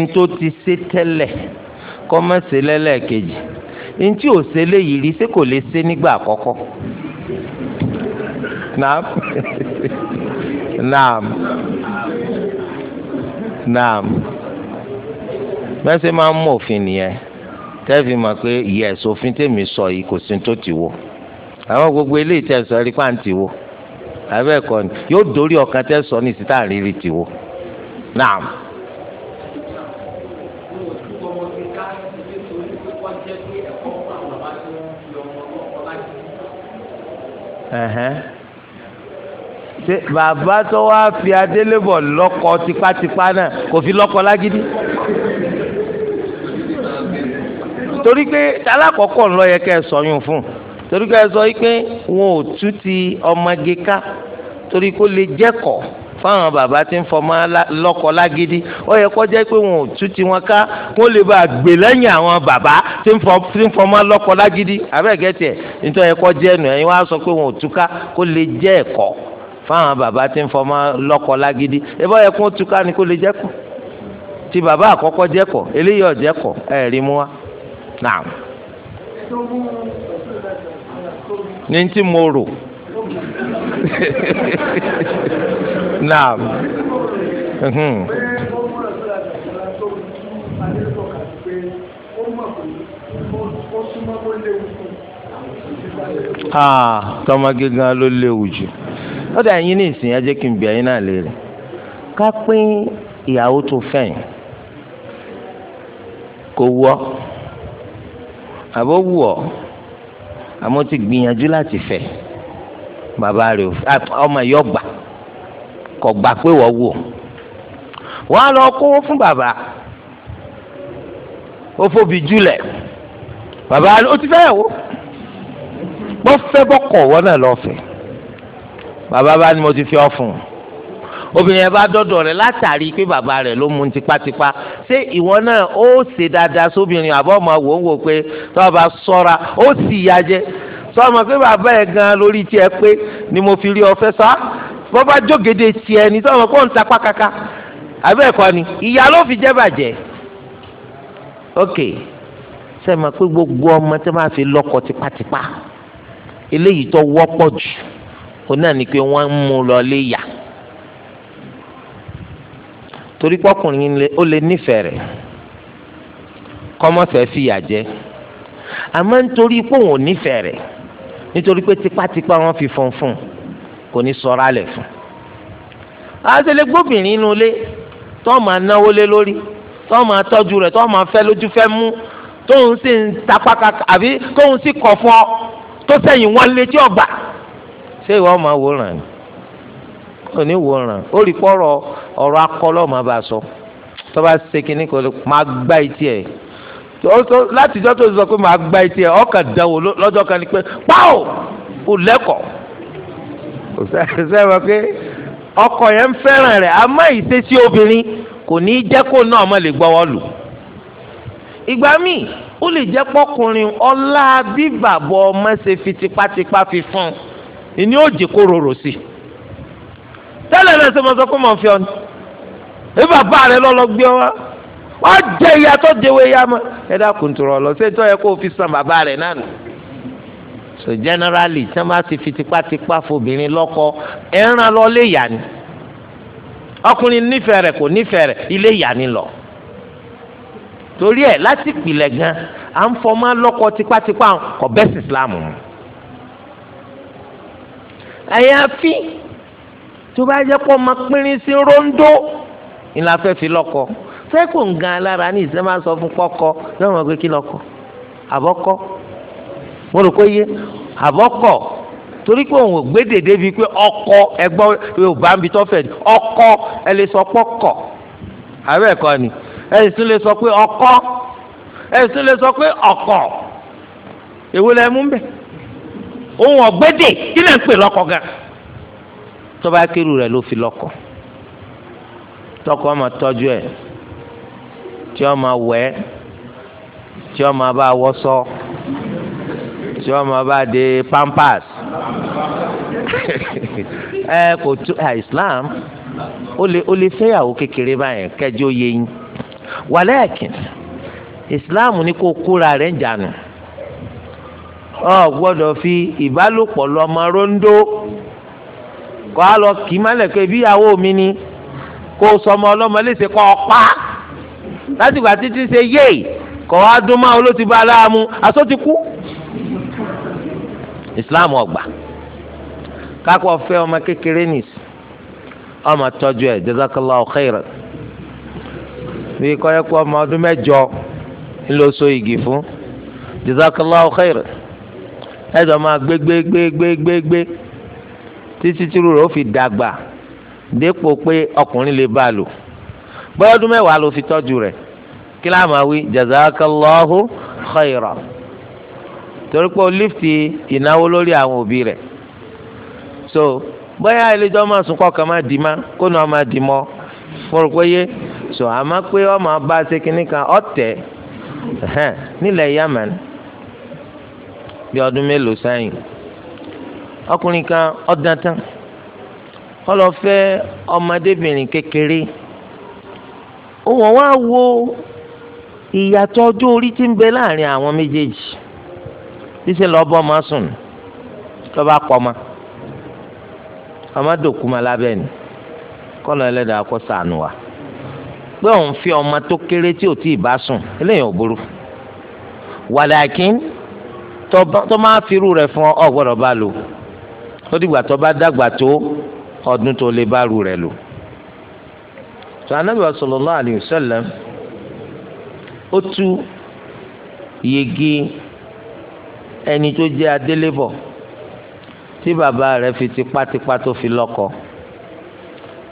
ntó ti ṣe tẹ́lẹ̀ kọ́ má ṣe lẹ́lẹ́kejì ntí ò ṣe léyìí rí ṣé kò lè nígbà naam naam naam máa ń tẹ́ẹ̀fì mọ̀ pé ìyá ẹ̀sọ́fin tèmi sọ yìí kò sí tó ti wò àwọn gbogbo eléyìí tẹ́ sọ rí pàǹtí wò abẹ́ẹ̀kọ́ ni yóò dórí ọ̀kan tẹ́ sọ ní ìsítà rírì ti wò náà. ṣe bàbá tó wá fi adélébọ̀ lọ́kọ tipátipá náà kò fi lọ́kọ lágídí torí pé alákọ̀ọ́kọ́ ńlọ yẹ kẹ́ ẹ sọyún fún torí pé ẹ sọ pé wọn ò tú ti ọmọge ká torí kó lè jẹ́kọ̀ọ́ fáwọn bàbá tí ń fọmọ lọ́kọ lágídí ó yẹ kó jẹ́ pé wọn ò tú ti wọn ká kó lè bá gbè lẹ́yìn àwọn bàbá tí ń fọmọ lọ́kọ lágídí abẹ́ẹ̀gẹ́ tiẹ̀ nítorí ẹ kó jẹ́ ẹnu ẹ̀yin wá sọ pé wọn ò tú ká kó lè jẹ́ ẹ̀kọ́ fáwọn bàbá tí ń fọmọ lọ́kọ lágídí ẹ yẹ kó tú ká ni kó lè jẹ́kọ̀ọ́ ti bàbá àkọ́kọ́ jẹ́kọ̀ọ́ eléyìí ọ̀jẹ́kọ̀ọ́ ẹ̀rí mú wa. naam ní tí mo rò naam tọmọge gan ló léwu jù ó dà yín ní ìsìn ajé kí n bí ẹyin náà léèrè ká pín ìyàwó tó fẹ̀yìn kò wọ́. àbó wù ọ́ àmọ́ ti gbìyànjú láti fẹ́ bàbá rẹ ọmọ yọ gbà kọ̀ gbà pé wọ́n wù ọ́ wọ́n á lọ kówó fún bàbá ó fòbi júlẹ̀ bàbá rẹ ó ti fẹ́yàwó bọ́ fẹ́ bọ́ kọ̀ wọ́n náà lọ́ọ́ fẹ́ bàbá bá ní mo ti fi ọ́ fún un obìnrin yẹn bá dọ́dọ̀ rẹ̀ látàrí pé bàbá rẹ̀ ló mú tipátipá ṣé ìwọ náà ó ṣe dáadáa sóbìnrin àbọ̀ ọmọ wò ń wò pé tọ́ba sọ́ra ó sì yá jẹ sọ́mọ pé bàbá yẹn gan lórí tiẹ̀ pé ni mo fi rí ọ fẹ́ sá bọ́bá jógede tiẹ̀ ni sọ́mọ kó ń ta pákáká àbẹ́ẹ̀kọ́ ni ìyá ló fi jẹ́ bàjẹ́ ok sẹ́mi pé gbogbo ọmọ tí wọ́n fi lọ́kọ tipátipá eléyìí tó wọ́pọ̀ jù ó náà ní pé wọ́n ń mú lọ léyà torí pọkùnrin ó lè nífẹ̀ẹ́ rẹ̀ kọ́mọ́fẹ́ fìyà jẹ àmọ́ nítorí pé òun ò nífẹ̀ẹ́ rẹ̀ nítorí pé tipátipá wọn fi fún fún kò ní sọ̀rọ̀ alẹ̀ fún. àtẹlẹ gbóbìnrin inú ilé tó máa náwó lé lórí tó máa tọ́jú rẹ̀ tó máa fẹ́ lójú fẹ́ mú tóun sì ń tapá kaka àbí tóun sì kọ̀ fún ọ tó sẹ́yìn wọn lé tí ọgbà ṣé ìwọ máa wòran ni òní wòran ó rí pọ́rọ̀ ọ̀rọ̀ akọ́lọ́ máa bá a sọ tó bá ṣe kínní kò lè máa gbá etí ẹ̀ látijọ́ tó sọ pé máa gbá etí ẹ̀ ọkàn dánwò lọ́jọ́ kan ni pé pàó kò lẹ́kọ̀ọ́ kò sẹ́yìn mọ́ pé ọkọ yẹn ń fẹ́ràn rẹ̀ àmọ́ ìṣesí obìnrin kò ní í jẹ́ kó náà mọ̀ lè gbọ́wọ́ lù ìgbà míì ó lè jẹ́ pọ́kùnrin ọlá bí ọmọ ṣe fi tipátipá fi fún un ìní ó jẹ́ kó rorò sí i tẹ́lẹ̀ náà ṣe mo sọ pé mo fi ọ ni bàbá rẹ lọ́lọ́ gbé ọ wá wá jẹ ìyá tó déwé ya mọ́ ẹ dákun tó rọ lọ ṣé tó yẹ kó o fi san bàbá rẹ náà nù. so generally tí wọ́n bá ti fi tipátipá fobìnrin lọ́kọ ẹran lọ lé ìyá ni ọkùnrin nífẹ̀ẹ́ rẹ̀ kò nífẹ̀ẹ́ rẹ̀ ilé ìyá ni lọ torí ẹ láti pìlẹ̀ gan à ń fọmọ lọ́kọ tipátipá kò bẹ́sì Islam mu. fi. tó bá yẹ kó ọmọ pínrín sí rondo ni la fẹ́ fi lọ́kọ sẹ́kù ń gan alára ní ìsẹ́ máa sọ fún kọ́kọ lọ́rùn ọgbẹ́ kí lọ́kọ àbọ́kọ́ mo rò pé yé àbọ́kọ́ torí pé òun ò gbédè débi pé ọkọ ẹgbọ́n yorùbá ń bi tọ́fẹ̀ ọkọ ẹ lè sọ pọ́kọ̀ àbẹ́ ẹ̀kọ́ ni ẹ sì lè sọ pé ọkọ ẹ sì lè sọ pé ọkọ̀ èwo lẹ mú bẹ́ẹ̀ òun ò gbédè kí lè ń pè lọ́kọ gan-an tọ́ba kérù rẹ̀ ló fi lọ́kọ tọkọ ọmọ tọ́jú ẹ̀ tí ọmọ wẹ̀ ẹ́ tí ọmọ bá wọ́sọ́ tí ọmọ bá dé pampers ẹ kò tú Islam ó lè ó lè fẹ́yàwó kékeré báyẹn kẹjọ yẹ yín wàlẹ́ẹ̀kìn Islam ní kó kóra rẹ̀ ń jànú ọ gbọ́dọ̀ fi ìbálòpọ̀ lọ́mọ róńdó wàá lọ kì í má lẹ̀kọ́ ibi ìyàwó mi ni kó o sọmọ ọlọ́mọ léṣe kọ́ ọ pa láti gbà títí ṣe yéè kọ́ wá dún máa ó ló ti bá a láàmú aṣọ ti kú. Islam ọgbà kápọ̀ fẹ́ ọmọ kékeré nìsí ọmọ tọ́jú ẹ̀ jazakallahu khairan bí kọ́yẹ́ kó ọmọ ọdún mẹ́jọ ńlọ so igi fún jazakallahu khairan ẹ̀dọ̀ máa gbégbégbégbégbé. Gbé, gbé, gbé, gbé, gbé títí tírú rẹ̀ ó fi dàgbà dépò pé ọkùnrin lè bá a lò bóyá ọdún mẹ́wàá ló fi tọ́jú rẹ̀ kí wí jazakallahu khayra torí pé o lífti ìnáwó lórí àwọn òbí rẹ̀ so bóyá ẹlẹ́jọ́ máa sunkọ́ kan máa dì má kó náà máa dì mọ́ mo rò pé yé so àmọ́ pé ọmọ bá a ṣe kinní kan ọ̀tẹ̀ nílẹ̀ Yemen bí ọdún mélòó sẹ́yìn ọkùnrin kan ọdún tán ó lọ fẹ́ ọmọdébìnrin kékeré òun wá wo ìyàtọ̀ ọjọ́ orí tí ń bẹ láàrin àwọn méjèèjì ṣíṣe lọ bọ́ sùn lọ́ bá pọ̀ ọmọ ọmọ dòkú lábẹ́ ni kọ́lọ̀ ẹlẹ́dàá kó ṣàánú wa pé òun fi ọmọ tó kéré tí ò tí ì bá sùn eléyìí ò burú wàlàkín tó máa firú rẹ̀ fún ọ gbọ́dọ̀ bá lò ó ó dìgbà tó bá dàgbà tó ọdún tó lè bá ru rẹ̀ lò. tó anábì sallallahu alayhi wa sallam ó tú yege ẹni tó jẹ́ adélébọ̀ tí bàbá rẹ̀ fi tipátipá tó fi lọ́kọ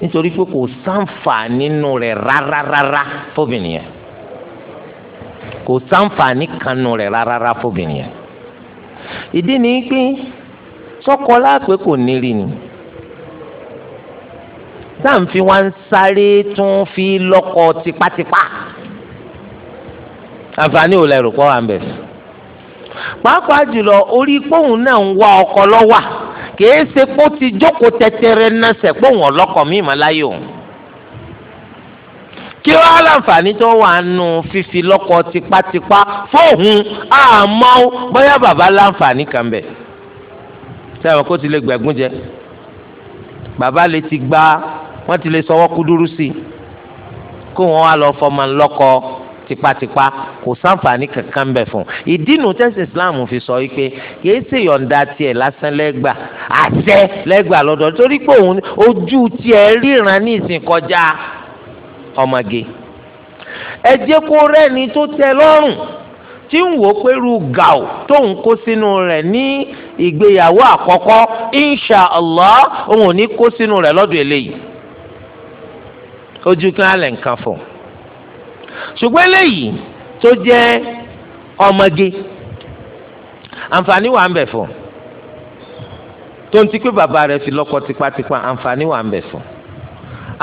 nítorí pé kò sáǹfà nínú rẹ̀ rárárárá fóbìnrin yẹn kò sáǹfà nìkanu rẹ̀ rárárá fóbìnrin yẹn ìdí ni pé sọ́kọ láàpẹ́ kò nírì ni sáǹfì wa ń sáré tún fi lọ́kọ tipátipá àǹfààní ò lẹ́rù pọ́ wa ń bẹ̀ pàápàá jùlọ orí póun náà ń wá ọkọ lọ́wà kìí ṣe kó ti jókòó tẹtẹrẹ nẹsẹ̀ póun ọlọ́kọ mi mà láyé kí wàá láǹfààní tó wà nù fífi lọ́kọ tipátipá fóun àmọ́ bóyá bàbá láǹfààní kan bẹ́ẹ̀ sẹ́wọ̀n kó ti lè gbẹ̀gún jẹ bàbá lè ti gbá wọ́n ti lè sọwọ́ kúdúrú sí i kó wọn wá lọ fọmọ ńlọ́kọ tipatipa kò sáǹfààní kankan ń bẹ fún un ìdínú tẹ́sí islam fi sọ wípé kìí ṣe yọ̀ǹda tiẹ̀ lásán lẹ́gbà àṣẹ lẹ́gbà lọ́dọ̀ torí pé òun ojú tiẹ̀ ríran ní ìsìn kọjá ọmọge ẹ jẹ́ kó rẹ́ni tó tẹ́ lọ́rùn tí ń wò pẹ̀lú gàù tóun kó sínú rẹ̀ ní ìgbéyàwó àkọ́kọ́ insha allah òun ò ní kó sínú rẹ̀ lọ́dún eléyìí ojú kí wọ́n lè nǹkan fọ̀ ṣùgbọ́n eléyìí tó jẹ́ ọmọge àǹfààní wà ń bẹ̀ fún tó ń ti pé bàbá rẹ̀ fi lọ́kọ tipátipá àǹfààní wà ń bẹ̀ fún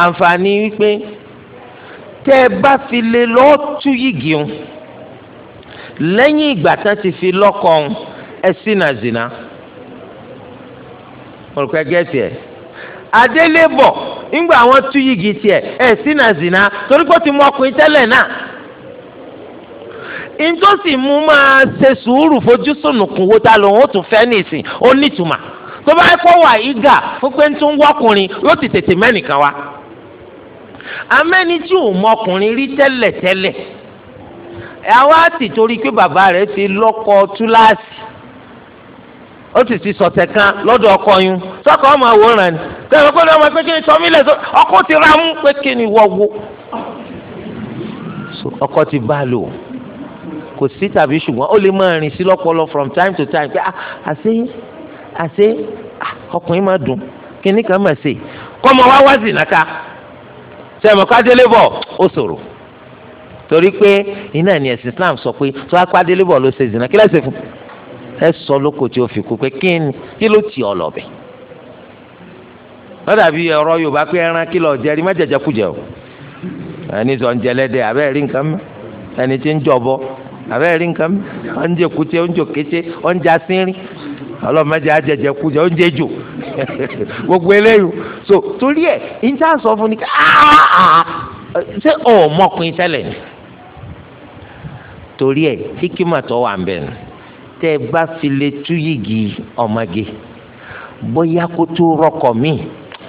àǹfààní wípé tẹ́ ẹ bá fi lè lọ́ọ́ tú yìgì ń lẹ́yìn ìgbà tán ti fi lọ́kọ ẹ ṣìnà zina olùkọ́ ẹgẹ́ tiẹ̀ adélébọ̀ ńgbà àwọn tú yìgì tiẹ̀ ẹ ṣìnà zina torí pé ó ti mú ọkùnrin tẹ́lẹ̀ náà ntòsí mú máa ṣe sùúrù fojú sùnùkùn wo ta lòun ó tún fẹ́ nìsín ó nítumà tó bá kọ́ wà ígà fún pé ń wọ́kùnrin yóò ti tètè mẹ́nìkan wa amẹ́ni tí ò mọkùnrin rí tẹ́lẹ̀tẹ́lẹ̀ àwa ti torí pé bàbá rẹ̀ ti lọ́kọ túláàsì ó sì ti sọ̀tẹ̀ kan lọ́dọ̀ ọkọ yín sọ́kọ̀ ọmọ àwòrán ni kẹ́hìn kó lè ọmọ pé kí ni sọmílẹ̀ sọ ọkọ ti ra mú pé kí ni wọ́wọ́ ọkọ ti bá lò kò sí tàbí ṣùgbọ́n ó lè máa rìn sí lọ́pọlọ from time to time pé ah, àṣé àṣé ah, ọkùnrin máa dùn kí ni kàn máa ṣe kọ́ ọmọ wa wá sí nàka sẹ́mi kájẹ́lé bọ̀ ó ṣòro torí pé iná ni ẹ̀sìn Islam sọ pé tó apádélé bọ̀ ló ṣe zina kí lẹ́sẹ̀ fún ẹ sọ lóko tí o fi kú pé kí ni kí ló ti ọlọ́bẹ̀ lọ́dà bíi ọ̀rọ̀ Yorùbá pé ẹran kí lọ jẹ rí má jẹjẹ kú jẹ o ẹni sọ ń jẹ lẹ́dẹ̀ abẹ́ rí nǹkan mọ́ ẹni tí ń jọbọ abẹ́ rí nǹkan mọ́ oúnjẹ kúté oúnjẹ kété oúnjẹ asínrín ọlọ́mọdé ajẹjẹ kú jẹ jò gbogbo eléyìí so torí ẹ ìjà sọ fún ni ṣé ọmọkùnrin tẹ́lẹ̀ ni. torí ẹ hikima tó wà nbẹ nù tẹ ẹ bá file tú yìgì ọmọge bóyá kó tó rọkọ míì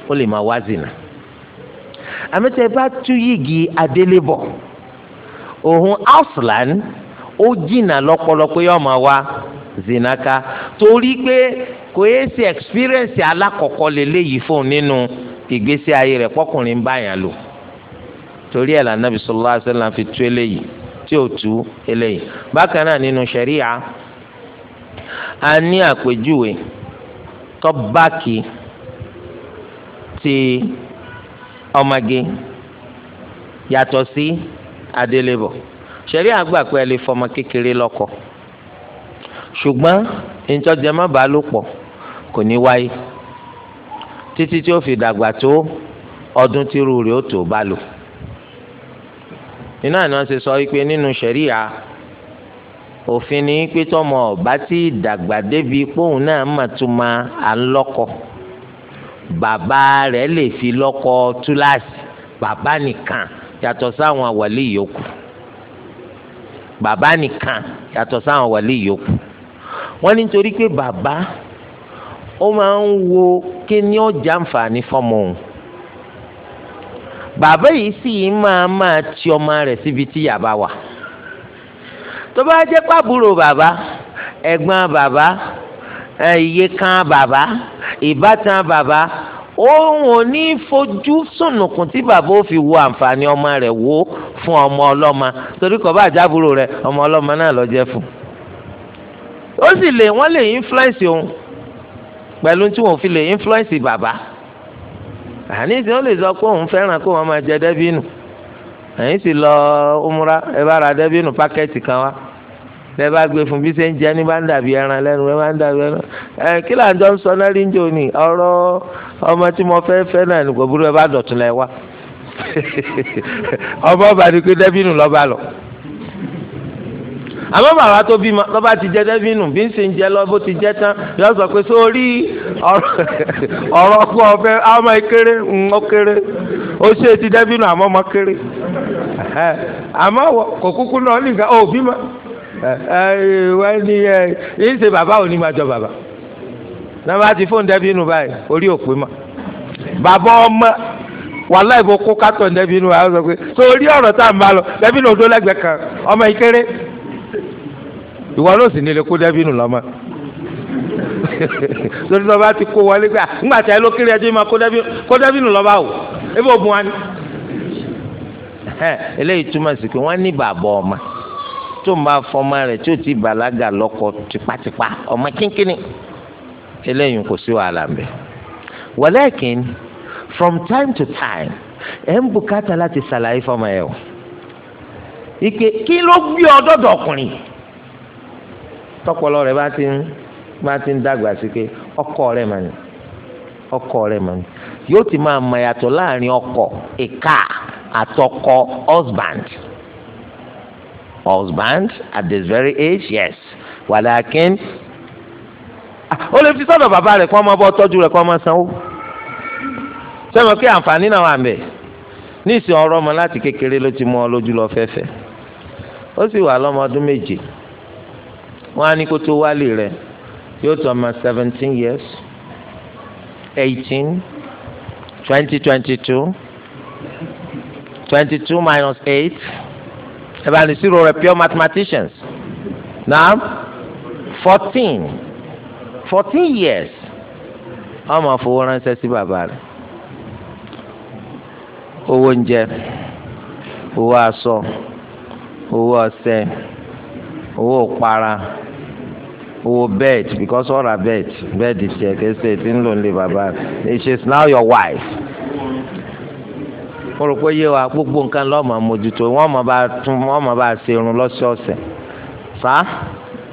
ó lè máa wá zina àmì tẹ ẹ bá tú yìgì òhun ausland ó jìnnà lọ́pọ̀lọpọ̀ yóò máa wá zina ká torí pé kò yẹ ṣe experience alákọ̀ọ́kọ́ lélẹ́yìí fún nínú ìgbésí ayé rẹ̀ pọ́kùnrin báyà lò torí ẹ̀ lànà bisalòlá sẹ́lá fi tú eléyìí. tí ò tú eléyìí bákan náà nínú ṣẹ̀ríà a ní àpèjúwe tọ́bákì ti ọmọge yàtọ̀ sí adélébọ̀ ṣẹ̀ríà gbà pé ẹ lè fọmọ kékeré lọ́kọ ṣùgbọ́n ìjọba má bàa lò pọ̀ kò ní wáyé títí tí ó fi dàgbà tó ọdún tí irú rẹ̀ ó tó bá lò iná ni wọ́n ṣe sọ wípé nínú ṣẹ̀ríà òfin ni pé tọmọ ọba tí ìdàgbà débi póun náà mà tún ma à ń lọ́kọ bàbá rẹ̀ lè fi lọ́kọ túláàsì bàbá nìkan yàtọ̀ sáwọn wàlí yòókù bàbá nìkan yàtọ̀ sáwọn wàlí yòókù wọ́n ní nítorí pé bàbá ó máa ń wo kí ni ó jàǹfààní fọ́mọ òun bàbá yìí sì máa máa ti ọmọ rẹ̀ síbi tí yàbá wà tó bá jẹ́ pàbúrò bàbá ẹ̀gbọ́n bàbá ìyekan bàbá ìbátan bàbá òun ò ní fojú sùnùkùn tí bàbá ò fi wo àǹfààní ọmọ rẹ̀ wo fún ọmọ ọlọ́mọ torí kọ́ bá àjábúrò rẹ̀ ọmọ ọlọ́mọ náà lọ jẹ́ fún ó sì lè wọ́n lè influence òun pẹ̀lú tí wọ́n fi lè influence bàbá. àníṣe ó lè sọ pé òun fẹ́ràn kó wọn máa jẹ dẹ́bínù ẹ̀yin sì lọ umra ẹ bá ra dẹ́bínù pákẹ́ẹ̀tì kan wá bá gbé fún bí ṣe ń jẹ ní bá ń dàbí ẹran lẹ́nu ẹ bá ń dàbí ẹran ẹ kí là ń jọ ń sọ náà rí ń jò ní ọmọ tí mo fẹ́ fẹ́ bá ọmọ dẹ́bínù lọ́ba lọ. àmọ́ bàbá tó bímọ lọ́ba ti jẹ́ dẹ́bínú bí ń sì ń jẹ́ lọ bó ti jẹ́ tán yọ sọ pé sórí ọ̀rọ̀ kú ọ̀fẹ́ ọmọ ìkéré ńlọ kéré ó ṣe ti dẹ́bínú àmọ́ ọmọ kéré àmọ́ kò kúkú náà nìgbà ó bímọ wọ́n ní ẹ̀ ẹ̀ ṣe bàbá ò ní máa jọ bàbá ti fóun dẹ́bínú báyìí orí òpè mọ́ bàbá ọmọ kó kátó dẹ́bínú àwọn sọ pé sórí ọ̀rọ̀ tá à ń bá lọ dẹ́bínú ìwọ náà sì nílé kó dẹ́bìnú lọ́mọ lórí ti kó wọlé gbà ńgbà tí a ló kéré máa kó lọ́ba o ebi ò wa ni. eléyìí túmọ̀ sí pé wọ́n ní bàbá ọmọ tó ń bá fọmọ rẹ̀ tí ó ti bàlágà tipátipá ọmọ kínkínní eléyìí kò sí wàhálà ń bẹ. from time to time ẹ̀ ń bùkátà láti ṣàlàyé fọmọ ẹ̀ o. ike kí ló gbé tọpọlọ rẹ bá ti ń bá ti ń dàgbà sí pé ọkọ rẹ mà ní ọkọ rẹ mà ní yóò ti máa mọ yàtọ̀ láàrin ọkọ ìka àtọkọ husband husband at this very age yes wàlákin ah, ó lè fi sọ́dọ̀ bàbá rẹ̀ kó máa bọ́ tọ́jú rẹ̀ kó máa sanwó sẹ́mi pé àǹfààní náà wà ń bẹ̀ ní ìsìn ọ̀rọ̀ ọmọ láti kékeré ló ti mú ọ lójú lọ fẹ́fẹ́ ó sì wà lọ́mọ ọdún méje wọ́n á ní kó tó wálé rẹ̀ yóò tó ọmọ seventeen years eighteen twenty twenty two twenty two minus eight ẹ bá ní sírò rẹ̀ pure mathematicians now fourteen fourteen years wọ́n máa fowó ránṣẹ́ sí bàbá rẹ̀ owó oúnjẹ owó aṣọ owó ọṣẹ owó ìpara. owó bed because all bed bed tiẹ̀ kẹsẹ̀ tí ń lò lonely lè she is now your wife. mo rò pé yé wa gbogbo nǹkan lọ́mọ mójútó wọ́n mọ̀ bá tún wọ́n mọ̀ bá ṣe irun lọ́sọ̀ọ̀sẹ̀ sá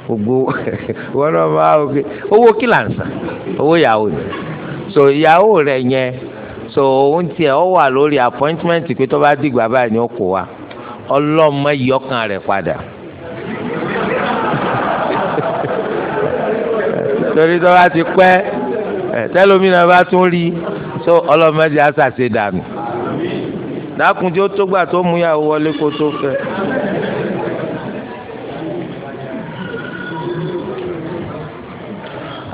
gbogbo wọn náà bá owó ni so ìyàwó re yẹn so ohun tiẹ̀ ọ wà lórí appointment pé tó bá dìgbà báyìí ni ó kó wa ọlọ́mọ yọkàn rẹ̀ padà. torí tó bá ti pẹ́ tẹ́lómìnà bá tún rí so ọlọ́mọdé àṣàṣe dànù dákunjẹ ó tó gbà tó mú yàwó wọlé kó tó fẹ́.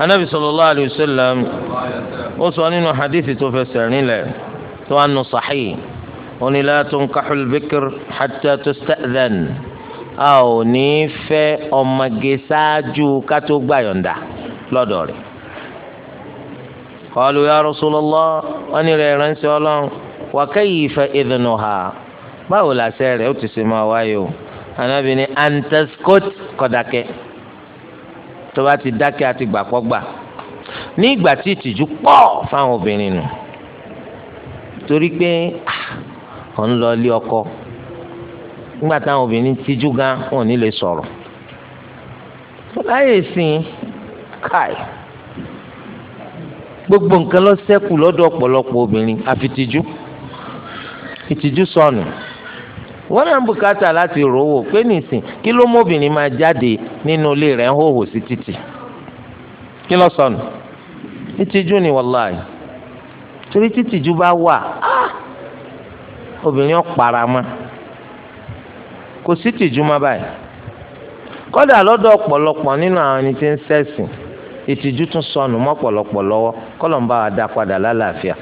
anabi sallallahu alayhi wa sallam ó sọ nínú hadithi tó fẹsẹ̀ nílẹ̀ tó wà nù sahih oni la tunkahu albikr hatta tusta'dhan a ò ní fẹ́ ọmọge ṣáájú ká tó gbà yọ̀ǹda lọ́dọ̀ rẹ̀ qalu ya Rasulullah wọ́n ní rẹ̀ ránṣẹ́ ọlọ́run wa kayfa idhnuha báwo làṣẹ rẹ̀ ó ti ṣe máa wáyé o Ànábì ní antaskot kọ́dákẹ́ tó bá ti dákẹ́ àti gbàkọ́gbà ní ìgbà tí ìtìjú pọ̀ fáwọn obìnrin nù torí pé ọ̀ ah, ń lọ ilé ọkọ nígbà táwọn obìnrin tijú gan wọn ò ní lè sọ̀rọ̀ láyé sìn kai gbogbo nǹkan lọ ṣẹ́kù lọ́dọ̀ ọ̀pọ̀lọpọ̀ obìnrin àfi tìjú ìtìjú sọnù wọn náà ń bùkátà láti rówó pé nìsín kí ló mọ́bìnrin máa jáde nínú ilé rẹ̀ ń hòhò sí títì kí sọnù ìtìjú ni wàláì torí títìjú bá wà ah! obìnrin ọ̀pára mọ́ kò sí tìjú má báyìí kódà lọ́dọ̀ ọ̀pọ̀lọpọ̀ nínú àwọn ẹni tí ń ìtìjú tún sọnù mọ́ pọ̀lọpọ̀ lọ́wọ́ kọ́lọ̀ ń bá wa dá padà lálàáfíà.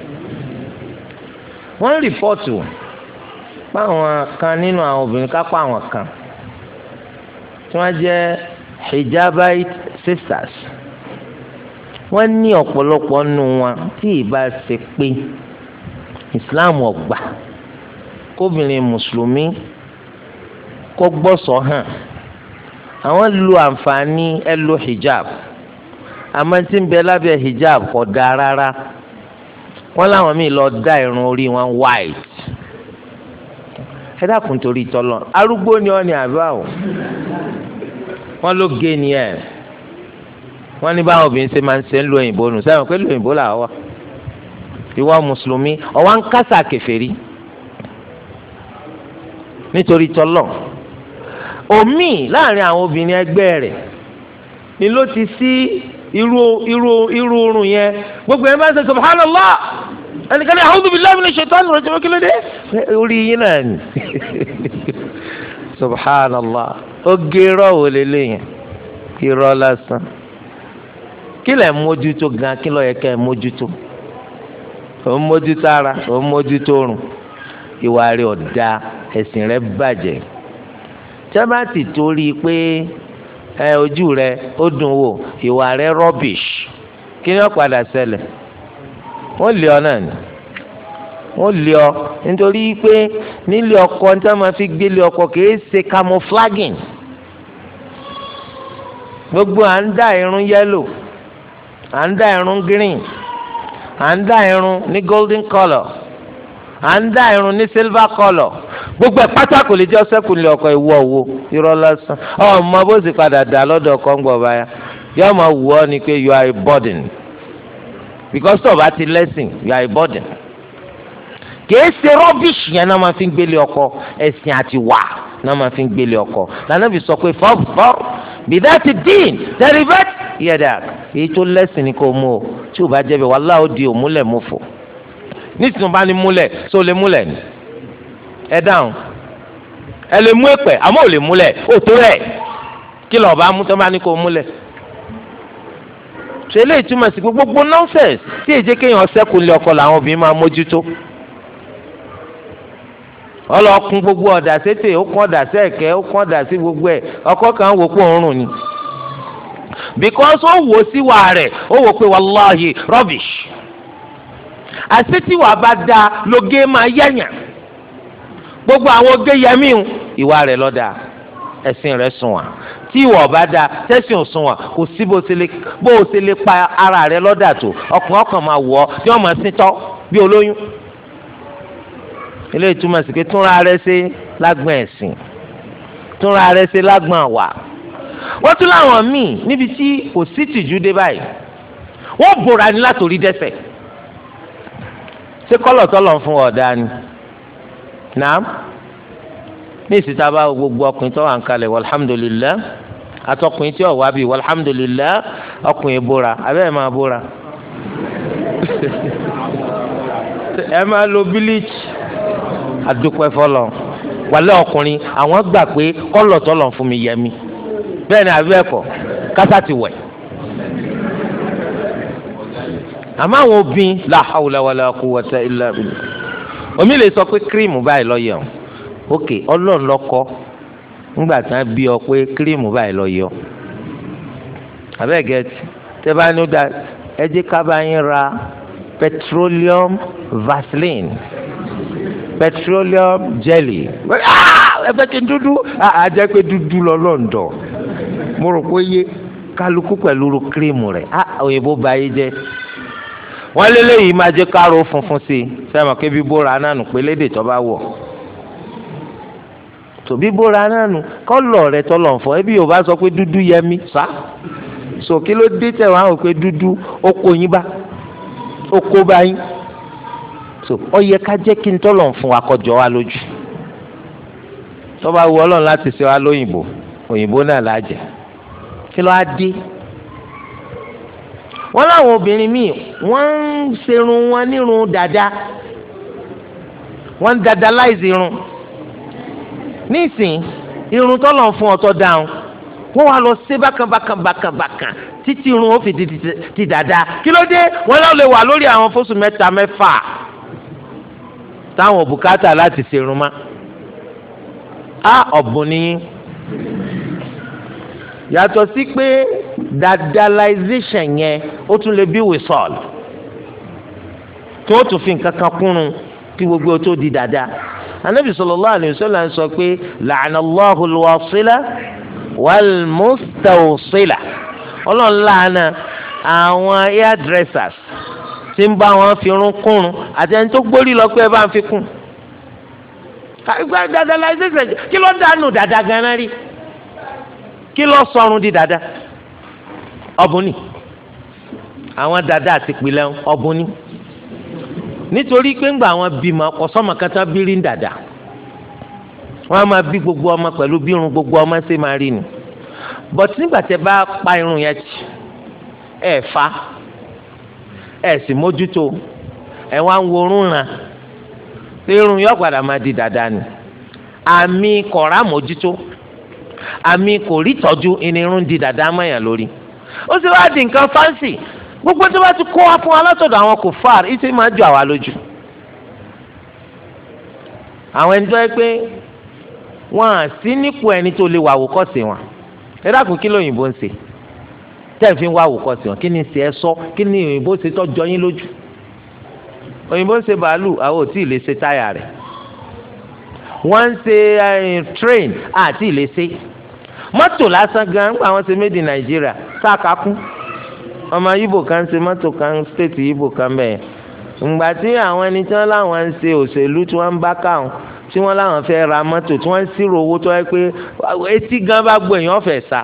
wọ́n rìpọ́ọ̀tù páwọn kan nínú àwọn obìnrin kápá àwọn kan tí wọ́n jẹ́ hijabite sisters wọ́n ní ọ̀pọ̀lọpọ̀ nù wọn tí ìbá ṣe pé Islam ọ̀gbà kóbìnrin mùsùlùmí kó gbọ́sọ̀ hàn àwọn lu àǹfààní ẹ lo hijab àmọ́ tí ń hijab kò dáa rárá wọ́n láwọn míì lọ dá irun orí wọn white ẹ dákun torí tọ́lọ̀ arúgbó ni ọ́ ni àbá o wọ́n ló gé ni ẹ̀ wọ́n ní báwọn obìnrin ṣe máa ń ṣe ń lo òyìnbó nù sẹ́wọ̀n pé lo òyìnbó là wà ìwọ mùsùlùmí ọ̀wá ń kásà kèfèrí nítorí tọ́lọ̀ òmíì láàrin àwọn obìnrin ẹgbẹ́ rẹ̀ ni ló ti sí. Si irú irú irú oorun yẹn gbogbo yẹn bá subhanallah ẹnìkan ní bi billahi dé orí ni ó gé irọ́ wò irọ́ lásán kí lẹ̀ mójútó gan kí yẹ kẹ́ mójútó mójútó ara mójútó oorun ìwà rẹ̀ ẹ̀sìn rẹ̀ bàjẹ́ bá ti torí pé. ẹ ojú rẹ ó dùn wò ìwà rẹ rubbish kí ni ó padà ṣẹlẹ̀ wọ́n lé ọ náà ni wọ́n lé ọ nítorí pé nílé ọkọ ní tí wọ́n máa fi gbélé ọkọ kìí ṣe camouflaging gbogbo à ń dá irun yẹ́lò à ń dá irun green à ń dá irun ní golden colour à ń dá irun ní silver colour gbogbo ẹ̀ pátá kò lè jẹ́ ọ̀sẹ́kùnrin ọkọ ìwọ owó irọ́ lásán ọmọ bó sì padà dà lọ́dọ̀ ọkọ ń gbọ̀ báyà yóò máa wù ọ́ ni pé you are a burden because tó o bá ti lẹ́sìn you are a burden kìí ṣe rọ́bìṣì yẹn náà máa fi ń gbélé ọkọ ẹ̀sìn àti wà náà máa fi ń gbélé ọkọ lànàbì sọ pé fọ́ọ̀fọ́ bìdá ti dín tẹ̀lifẹ́t yẹ̀dà èyí tó lẹ́sìn ni kò mú o tí o bá jẹ́ bẹ́ẹ̀ wàhálà ó di òmúlẹ̀ mú fò nísìnyí o bá ní múlẹ̀ tó lè múlẹ̀ ni. ẹ dáhùn ẹ lè mú èpè amu ò lè múlẹ̀ ó tó rẹ̀ kí lọ́ọ́ bá mú tó bá ní kó múlẹ̀ ṣe eléyìí túmọ̀ sí gbogbo nonsense tí èjé kéèyàn sẹ́kùn lé ọkọ làwọn obìnrin máa mójútó ọlọ́kùn gbogbo ọ̀dà sétè ó kún ọ̀dà sẹ́ẹ̀kẹ́ ó kún ọ̀dà sí gbogbo ẹ̀ ọkọ kan wò pé òórùn ni because ó wò síwà rẹ̀ ó wò pé wàláhì rubbish àṣetíwà bá dáa lóge gbogbo àwọn oge yẹmí o ìwà rẹ̀ lọ́dà ẹ̀sìn rẹ̀ sùn wà tí ìwà ọba da tẹ̀sìn òsùn wà kò sí bó o ṣe lè pa ara rẹ̀ lọ́dà tó ọkàn ọkàn máa wọ̀ ọ́ tí wọ́n máa sí tọ́ bí olóyún eléyìí túmọ̀ sí pé túnra rẹ̀ ṣe lágbọ̀n ẹ̀sìn túnra rẹ̀ ṣe lágbọ̀n àwà wọ́n tún láwọn míì níbi tí kò sí tìjú dé báyìí wọ́n bòra ni látòrí dẹ́ṣẹ̀ ṣé kọ́lọ̀ tọ́lọ̀ ń fún ọ̀dà ni naam ní ìsìta bá gbogbo ọkùnrin tó wà ń kalẹ̀ walhamdulillah atọkùnrin tí ọ̀wá bíi walhamdulillah ọkùnrin bóra abẹ́ẹ̀ máa bóra ẹ máa lo bleach àdúpẹ́ fọlọ́ wàlẹ́ ọkùnrin àwọn gbà pé kọ́lọ̀ tọ́lọ̀ fún mi yẹ mi bẹ́ẹ̀ ni àbí ẹ̀kọ́ kásá ti wẹ̀ àmọ́ àwọn obìnrin la hawla wala quwwata illa billah omi le sọ pé kírímù báyìí lọ yẹ ọ ok ọlọ́run lọ́kọ́ ńgbà tán bí ọ pé kírímù báyìí lọ yẹ ọ abẹ́gẹ́ tẹ́ bá ní ó da ẹ jẹ́ ká bá yín ra petroleum vaseline petroleum jelly ah, ẹ fẹ́ kí n dúdú àjẹ́ ah, pé dúdú lọ lọ́ndọ̀ mo rò pé yé kálukú pẹ̀lú kírímù rẹ̀ ah, òyìnbó ba jẹ́ wọ́n lélẹ́yìí máa jẹ́ káró funfun sí i sẹ́wọ̀n kí bíbóra náà nù pé lédè tó bá wọ̀ tó bíbóra náà nù kọ́lọ̀ rẹ̀ tọ́lọ̀ ń fọ ẹbí yóò bá sọ pé dúdú yẹ mí sá so kí ló dé tẹ̀wọ́n àwọn pé dúdú ó kó yín bá ó kó bá yín so ó yẹ ká jẹ́ kí n tọ́lọ̀ ń fún wa kọjọ́ wa lójú tó bá wù Ọlọ́run láti ṣe wa lóyìnbó òyìnbó náà lájẹ kí ló á dé wọ́n láwọn obìnrin míì wọ́n ń serun wọn nírun dada wọ́n ń dada láìsí irun nísìn irun tó lọ fún ọtọ dáhùn wọ́n wá lọ sí bákan bákan bákan bákan títí irun ó fi di ti dada kí ló dé wọ́n lọ lè wà lórí àwọn fóṣù mẹ́ta mẹ́fà táwọn bùkátà láti serun mọ́ a ọ̀bùn nìyí yàtọ̀ sí pé dadalization yẹn ó tún lè bí wisol tí ó tún fi nǹkan kan kúrun kí gbogbo tó di dada anabi sallallahu alayhi wa sallam sọ pé la'ana Allahu al-wasila wal-mustawsila ọlọ́run láàánà àwọn hairdressers tí ń bá wọn fi irun kúrun àti ẹni tó gbórí lọ pé ẹ bá ń fi kún dadalization kí ló dánù dada ganan rí kí ló sọrun di dada ọ̀bùn ni àwọn dada àti pilẹ̀ ọ̀bùn ni nítorí pé ńgbà àwọn bímọ ọ̀sọ́mọ kẹta bírí ń dada wọ́n á máa bí gbogbo ọmọ pẹ̀lú bírun gbogbo ọmọ ṣe máa rí ni bọ̀t nígbà tẹ́ bá pa irun yẹn tì ẹ̀ fa ẹ̀ sì mójútó ẹ̀ wá ń worún ràn irun yóò padà máa di dada ni àmì kọ̀ọ̀rá mójútó àmì kò rí tọ́jú irun di dada mọ́yàn lórí ó sì wá di nǹkan fáǹsì gbogbo tí wọ́n ti kó wá fún wa látọ̀dọ̀ àwọn kò fà ìṣe máa jù àwa lójú. àwọn ẹni tó yẹ pé wọn à sí nípò ẹni tó lè wà àwòkọ́sí wọn ẹ dákun kí lóyìnbó ń ṣe tẹ́ ń wá àwòkọ́sí wọn kí ni ṣe ẹ sọ kí ni òyìnbó ṣe tọ́jọ́ yín lójú òyìnbó ń ṣe bàálù àwọn ò tí ì lè ṣe táyà rẹ̀ wọ́n ń ṣe eh, train àti ìlẹ́sẹ̀ mọ́tò lásán gan nígbà wọn ṣe méjì nàìjíríà tá a kà kú ọmọ ibo kan ṣe mọ́tò kan stéètì ibo kan bẹ́ẹ̀ ǹgbà tí àwọn ẹni tí wọ́n láwọn ń ṣe òṣèlú tí wọ́n ń bá káwọn tí wọ́n láwọn fẹ́ ra mọ́tò tí wọ́n ń ṣírò owó tó yẹ pé etí gan bá gbọ́ èèyàn fẹ́ sá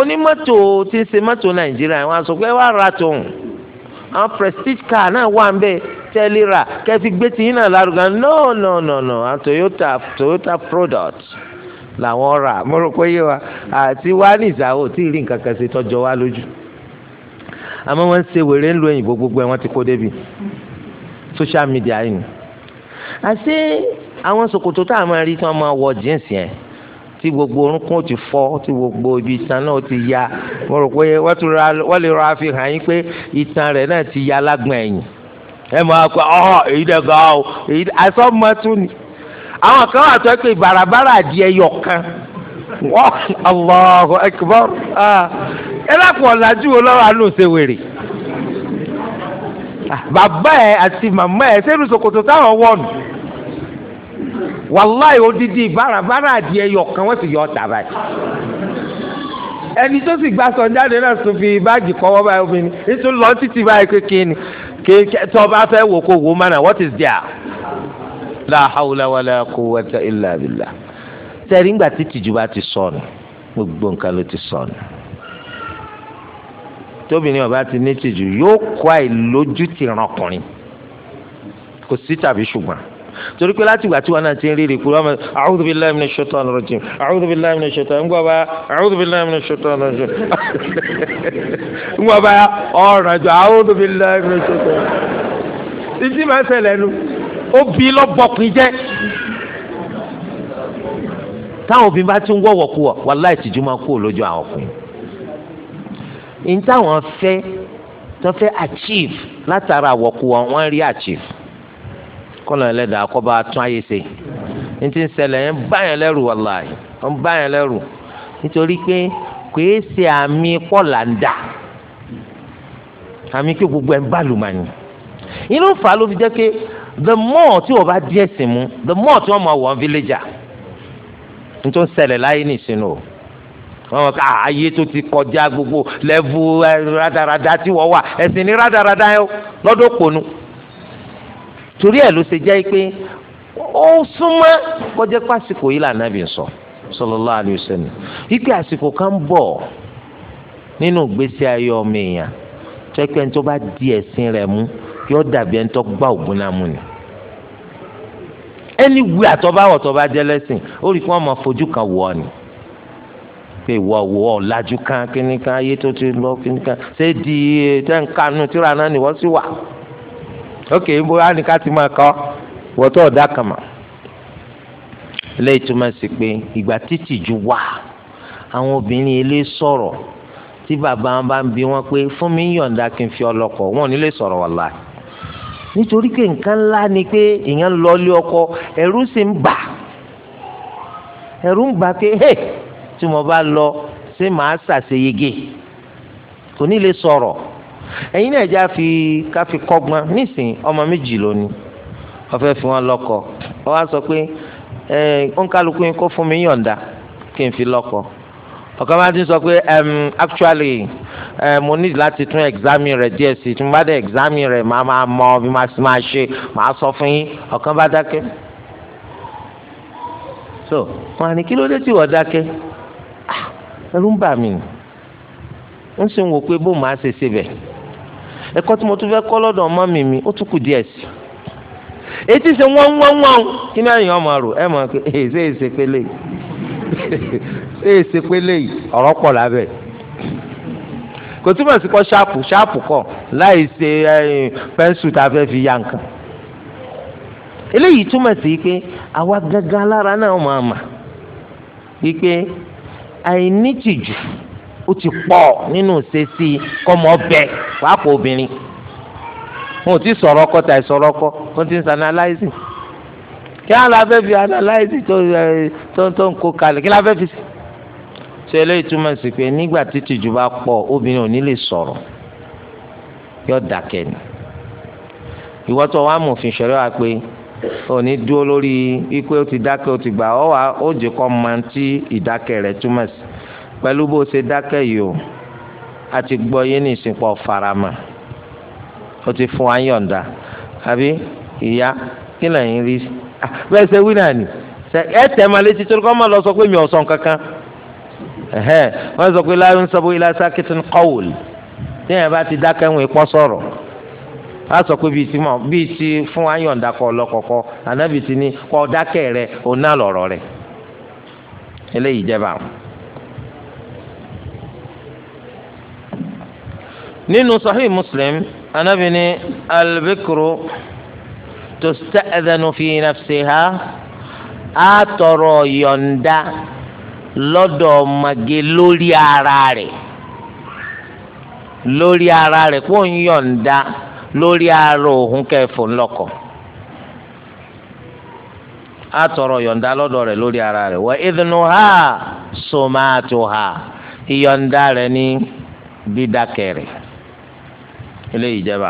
onímọ́tò tí ń ṣe mọ́tò nàìjíríà wọn sọ pé wàá ra tòun àwọn prestige car náà wà ń bẹ́ẹ̀ tẹ́lẹ̀ rà kẹ́ẹ́ fi gbé tìyín náà lárugà no no no no a Toyota Toyota product làwọn rà mo rò pé yé wa àti wá ní ìsàwọ̀ tí ì rí nǹkan kan ṣe tọ́jọ wá lójú àmọ́ wọ́n ṣe wèrè ń lo òyìnbó gbogbo ẹ̀ wọ́n ti kó débi social media yìí ni àti àwọn ṣòkòtò tá a máa rí tí wọ́n máa wọ jíǹsì yẹn tí gbogbo orúnkún ti fọ́ tí gbogbo ibi itan náà ti ya mo rò pé wọ́n lè rọra fi hàn yín pé itan rẹ̀ náà ti ya lágbọ̀n ẹ̀yìn ẹ máa kọ ọ èyí dẹ̀ gan ọ èyí asọ́mọ́tún ni. àwọn kan wà tó pé bàràbàrà adìẹ yọkan wọ́n Allah Akbar ẹ lápò ọ̀làjú wo lọ́wọ́ àánú ṣe wèrè bàbá ẹ àti màmá ẹ ṣé irúṣokoto táwọn wọ̀nù wàláì odidi bàràbàrà adìẹ yọkan wọ́n sì yọ ọ̀tà báyìí ẹni tó sì gba sọ̀njáde náà tún fi báàgì kọ́wọ́ báyìí obìnrin nítorí lọ́ọ́ títì báyìí kékeré ni kéèké tó o bá fẹ́ wò kó wò ó mọ́nà what is there. la hawla wala quwwata illa billah sẹ́rí ńgbà tí tìjú bá ti sọnù gbogbo nǹkan ló ti sọnù tóbìnrin ọba ti ní tìjú yóò kó àìlójú ti ràn ọkùnrin kò sí tàbí ṣùgbọ́n torí pé láti ìgbà tí wọn náà ti ń rí ìrìkú wọn a'udhu billahi minash shaitanir rajim a'udhu billahi minash shaitanir ńgbọ́ bá a'udhu billahi minash shaitanir rajim ńgbọ́ bá ọ̀rọ̀ jù a'udhu billahi minash shaitanir ìdí máa ń ṣẹlẹ̀ nu ó bí lọ́bọ̀kùn jẹ́ táwọn obìnrin bá ti ń wọ̀wọ̀ kú wọ̀ wàláì tìjú máa kú lójú àwọn ọkùnrin ní táwọn fẹ́ tó fẹ́ achieve látara àwọ̀kù wọn wọ́n rí achieve kọ́nà ẹlẹ́dàá kọ́ bá tún ayé ṣe ní ti ń ṣẹlẹ̀ ń bá yẹn lẹ́rù wàláì ń bá yẹn lẹ́rù nítorí pé kìí ṣe àmì pọ́làndà àmì kí gbogbo ẹ̀ ń bá lùmọ̀ ni inú fa ló fi jẹ́ pé the more tí wọ́n bá díẹ̀ sí mu the more tí wọ́n máa wọ̀ villager nítorí ṣẹlẹ̀ láyé nìsinú o wọn kà ah, ayé tó ti kọjá gbogbo lẹ́vù eh, rádaràdá tí wọ́n wà ẹ̀sìn ní rádaràdá yẹn lọ́dọ̀ pònú torí ẹ̀ ló ṣe jẹ́ pé ó súnmọ́ kọjá pásìkò yìí là nàbì sọ sallallahu alaihi wasallam ipe àsìkò kan bọ̀ nínú ìgbésí ayé ọmọ èèyàn tẹ́kẹ́ tó bá di ẹ̀sìn rẹ̀ mú yóò dàbí ẹni tó gbá ògùn náà mú ni ẹni wí àtọ́báwọ̀ tó bá jẹ́ lẹ́sìn ó rí i pé wọ́n máa fojú kan wọ̀ ọ́ ni pé ìwọ wọ ọ̀làjú kan kíní kan ayé tó ti lọ kíní kan ṣé di eh, tẹ́ǹkanu tíra náà ni wọ́n sì wà ókè ń bóyá ni ká ti máa kọ́ wọ́n tó ọ̀dà kàmá eléyìí túmọ̀ sí pé ìgbà títì ju wà àwọn obìnrin ilé sọ̀rọ̀ tí bàbá wọn bá ń bi wọn pé fún mi yọ̀ǹda kí n fi ọlọ́kọ̀ wọn ò ní lè sọ̀rọ̀ wàláì nítorí pé nǹkan ńlá ni pé èèyàn ń lọ ilé ọkọ ẹ̀rù sì ń bà ẹ̀rù ń bà pé hey tí mo bá lọ ṣé màá ṣàṣeyege kò ní lè sọ̀rọ̀ ẹ̀yin náà já fi ká fi kọ́gbọ́n nísìnyí ọmọ méjì lónìí wọ́n fẹ́ fi wọn lọ́kọ wọ́n wá sọ pé ẹ̀ ònkálukú yín kó fún mi yọ̀ǹda kí n fi lọ́kọ ọ̀kan máa ti sọ pé actually ẹ mo ní láti tún ẹ̀gzámì rẹ̀ díẹ̀ sí tí mo bá dé ẹ̀gzámì rẹ̀ máa máa mọ bí máa sì máa ṣe máa sọ fún yín ọ̀kan bá dákẹ́. so wọn à ní kí ló dé tí wọ́n dákẹ́ ah, ẹ̀rù ń bà mí ń sì ń wò pé bó máa ṣe ṣe bẹ̀ ẹ̀kọ́ tí mo tún fẹ́ kọ́ lọ́dọ̀ ọmọ mi mi ó tún kù díẹ̀ sí etí ṣe wọ́n wọ́n wọ́n kí ni àyàn máa rò ẹ̀ mọ̀ pé èsè èsè pélé èsè pélé ọ̀rọ̀ pọ̀ lábẹ́ kò túmọ̀ sí kọ́ ṣáàpù ṣáàpù kọ́ láì ṣe pẹ́ńsù tá a fẹ́ fi ya nǹkan eléyìí túmọ̀ sí pé àwa gangan lára náà máa mà wípé àìnítìjú ó ti pọ̀ nínú ṣẹ́sí kọ́mọ bẹ́ẹ̀ pàápàá obìnrin wọn ò ti sọ̀rọ̀ ọkọ tàì sọ̀rọ̀ ọkọ wọn ti ń sanaláìsì kí wọn la fẹ́ fi analyze tó tó tó ń kó kalẹ̀ kí wọn la fẹ́ fi sí so eléyìí túmọ̀ sí pé nígbà tí tìjú bá pọ̀ obìnrin ò ní lè sọ̀rọ̀ yóò dákẹ́ ni ìwọ tó wá mòfin ṣẹ̀rẹ́ wa pé ò ní dúró lórí wípé ó ti dákẹ́ ó ti gbà ọ́ wá ó jẹ́ kọ́ máa ìdákẹ́ rẹ̀ túmọ̀ sí pẹ̀lú bó ṣe dákẹ́ yìí o a gbọ́ yé ní ìsìnkú farama ó ti fún wa yọ̀ǹda àbí ìyá kí lẹ́yìn rí ah, bẹ́ẹ̀ ṣe wí náà ni ẹ tẹ̀ máa létí torí kọ́ máa lọ sọ pé mi ò sọ nǹkan kan wọ́n sọ pé láyé ń sọ pé ilá sákìtì kọ́wùl tí yẹn bá ti dákẹ́ ń wọ ìpọ́ sọ̀rọ̀ a sọ pé bíi ti mọ̀ bíi ti fún ayọ̀ǹda kọ́ ọlọ́kọ̀ọ́kọ́ ànábì ti ní kọ́ dákẹ́ rẹ̀ òun náà lọ̀rọ̀ rẹ̀ eléyìí jẹba. nínú sahih muslim ànábì ní albikru tusta'dhanu fi nafsiha a tọrọ yọ̀ǹda. lọ́dọ̀ ọmọge lórí ara rẹ̀ lórí ara rẹ̀ kó ń yọ̀ǹda lórí ara òun kẹfù ńlọkọ̀ á tọrọ yọ̀ǹda lọ́dọ̀ rẹ̀ lórí ara rẹ̀ wọ́n ìdùnnú ha sọmaatu ha ìyọ̀ǹda rẹ̀ ní dídákẹ́ rẹ̀ eléyìí jẹ́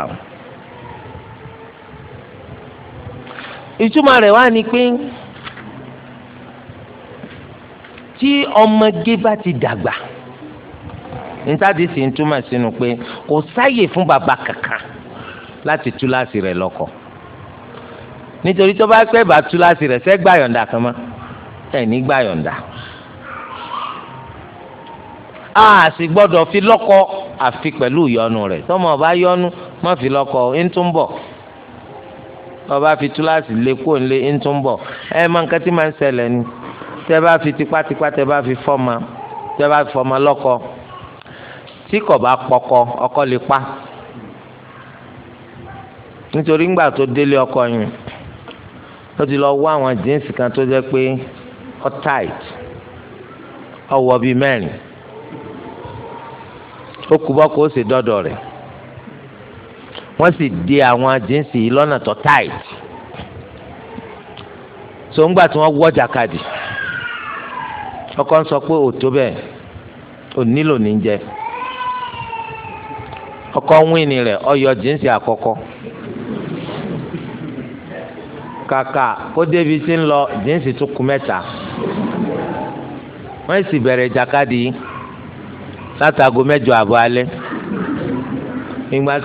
ìtumọ̀ rẹ̀ wá ni pé. tí ọmọge bá ti dàgbà nítàdí sì ń túmọ̀ sínú pé kò sáyè fún bàbá kankan láti tú láti rẹ̀ lọ́kọ nítorí tó bá pẹ́ bá tú láti rẹ̀ sẹ́ gbà yọ̀ǹda kan mọ́ ẹ̀ ní gbà yọ̀ǹda a sì gbọ́dọ̀ fi lọ́kọ àfi pẹ̀lú ìyọnu rẹ̀ tọ́mọ ọba yọnu má fi lọ́kọ ń ọba fi tú láti lé kó ń lé ẹ̀ máa ń kẹ́tí máa ń ṣẹlẹ̀ ni tẹ́ bá fi tipátipá tẹ́ bá fi fọ́mọ tẹ́ bá fi fọ́mọ lọ́kọ tí kò bá pọkọ ọkọ lè pa nítorí ńgbà tó délé ọkọ yìí ó ti lọ wá àwọn jíǹsì kan tó jẹ́ pé ọ tight ọwọ́ bíi mẹ́rin ó kú bọ́ kó o sì dọ́dọ̀ rẹ̀ wọ́n sì di àwọn jíǹsì yìí lọ́nà tó tight so ńgbà tí wọ́n wọ́ jàkadì. ọkọ ń sọ pé òtó bẹ́ẹ̀ ò nílò ní jẹ ọkọ wíìnì ọyọ jíǹsì àkọ́kọ́ kàkà kó débi tí ń lọ jíǹsì tún kù mẹ́ta wọ́n sì bẹ̀rẹ̀ jàkadì látago mẹ́jọ àbọ̀ ìgbà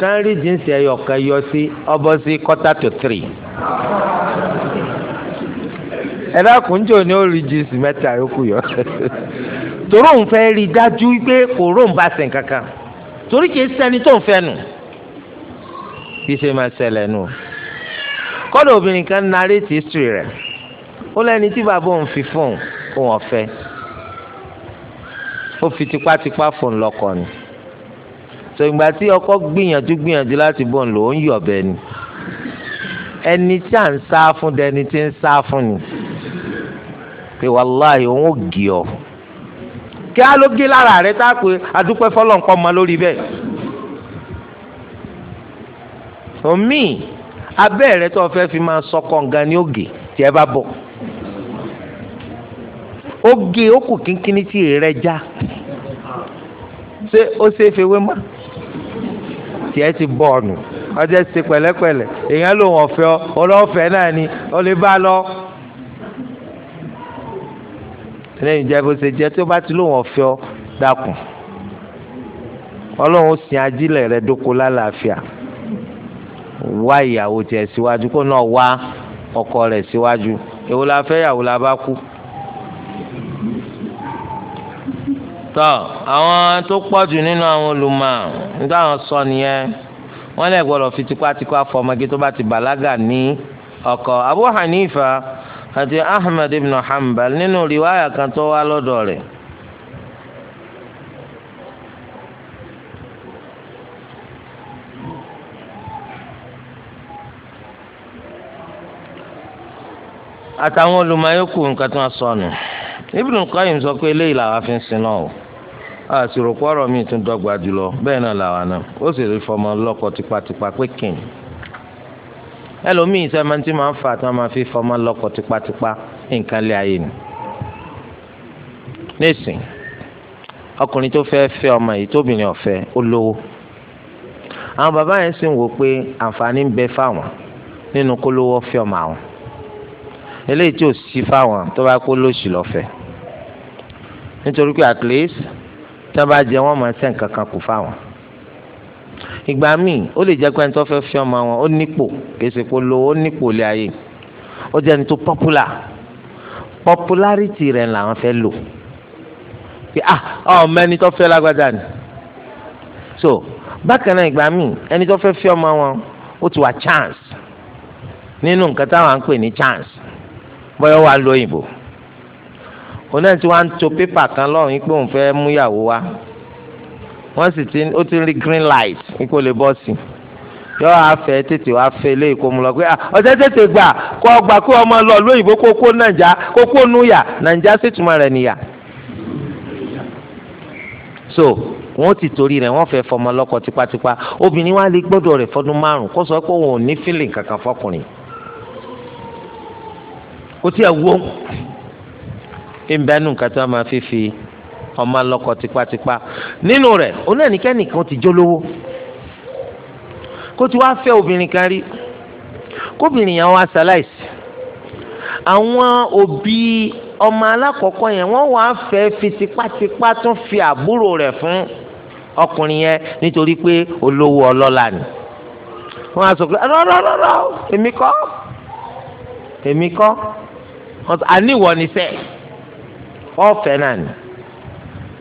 yọ sí ọbọ sí kọta tó ẹ dákun jò ní oríjìsì mẹ́ta yòókù yọ torí òun fẹ́ rí i dájú pé kò róun bá sìn kankan torí kìí sẹ́ni tó ń fẹ́ nù kí ṣe máa ṣẹlẹ̀ nù kọ́dọ̀ obìnrin kan narrate history rẹ̀ ó lẹ́ni tí bàbá òun fi fóun òun ọ̀fẹ́ ó fi tipátipá fóun lọ́kọ ni sọ̀gbà tí ọkọ gbìyànjú gbìyànjú láti bọ̀ ń lò ó ń yọ̀ bẹ́ẹ̀ ni ẹni tí à ń sá fún dẹni tí ń sá fún ni pé wàláhì òun ò gé ọ kí á ló gé lára rẹ tá a pé adúpẹ́ fọlọ́nkọ́ mọ lórí bẹ́ẹ̀ omi abẹ́ rẹ tó fẹ́ fi máa sọkọ̀ nǹkan ní ògè tí ẹ bá bọ̀ ògè ó kù kínkínní tí rẹ já ṣé ó ṣe é fi wé mọ́ tí ẹ ti bọ̀ ọ̀nù ọjọ́ ṣe pẹ̀lẹ́pẹ̀lẹ́ èèyàn lòun ọ̀fẹ́ ọ ọlọ́ọ̀fẹ́ náà ni ó lè bá a lọ lẹ́yìn jẹ́ bó ṣe jẹ́ tí ó bá ti lóun ọ̀fẹ́ ọ dákun ọlọ́run ó sin ajílẹ̀ rẹ dóko lálàáfíà wá ìyàwó tiẹ̀ síwájú kó náà wá ọkọ rẹ̀ síwájú èwo la fẹ́ yàwó la bá kú. tọ́ àwọn tó pọ̀jù nínú àwọn olùmọ̀ nígbà wọn sọ nìyẹn wọ́n lè gbọ́dọ̀ fi tipátipá fọmọge tó bá ti bàlágà ní ọkọ Abu Hanifa. àti Ahmed ibn Hanbal nínú riwaya kan tó wá lọ́dọ̀ rẹ̀. àtàwọn olùmọ̀ọ́yọ́kù nǹkan tí wọ́n sọ nù Ibn Qayyim sọ pé eléyìí làwọn fi ń o àṣìrò pọ̀rọ̀ mi tún dọ́gba jùlọ bẹ́ẹ̀ náà làwọn náà ó sì rí fọmọ lọ́kọ tipátipá pé kìnnì. ẹlòmíì sọ ẹmọ tí máa ń fa tí wọn máa fi fọmọ lọkọ tipátipá nǹkan lé ayé ni. nísìn ọkùnrin tó fẹ́ fẹ́ ọmọ yìí tóbìnrin ọ̀fẹ́ ó lówó. àwọn bàbá yẹn sì ń wò pé àǹfààní ń bẹ fáwọn nínú kó lówó fẹ́ ọmọ àwọn. eléyìí tí ò sí fáwọn tó bá kó lóṣù lọ́fẹ̀. nítorí pé at least tí wọ́n bá jẹ wọ́n máa ṣe nǹkan kan kù fáwọn ìgbà míì ó lè jẹ́ pé ẹni tó fẹ́ fi ọmọ wọn ó nípò kèsì polówó ó nípò lé ayé ó jẹ́ ẹni tó pọ́pùlà popularity rẹ̀ làwọn fẹ́ lò pé ah ọmọ ẹni tó fẹ́ lágbájá ni so bákan náà ìgbà míì ẹni tó fẹ́ fi ọmọ wọn ó ti wà chance nínú nǹkan táwọn à ń pè ní chance bọ́yọ̀ wà lóyìnbó òun náà ti wá ń to pépà kan lọ́rùn yín pé òun fẹ́ múyàwó wá wọ́n sì ti ó ti rí green light kó lè bọ́ sí yọ afẹ tètè wá fẹ ilé ìkómọlọ pé tètè gbà lọ lóyìnbó kó kó kó kó sì túmọ̀ rẹ̀ so wọn ti torí rẹ wọn fọmọ tipatipa obìnrin wa lè gbọdọ pé òun ò ní ọmọ lọ́kọ tipátipá nínú rẹ̀ oní ẹnikẹ́nìkan ti jólówó kó ti wá fẹ́ obìnrin kan rí kóbìnrin yẹn wá ṣaláìsí àwọn òbí ọmọ alákọ̀ọ́kọ́ yẹn wọ́n wá fẹ́ fi tipátipá tún fi àbúrò rẹ̀ fún ọkùnrin yẹn nítorí pé olówó ọlọ́lá ni wọ́n á sọ pé rọ́rọ́rọ́rọ́ èmi kọ́ èmi kọ́ àníwọ̀ ni sẹ́ẹ̀ ọ̀fẹ́ náà ni.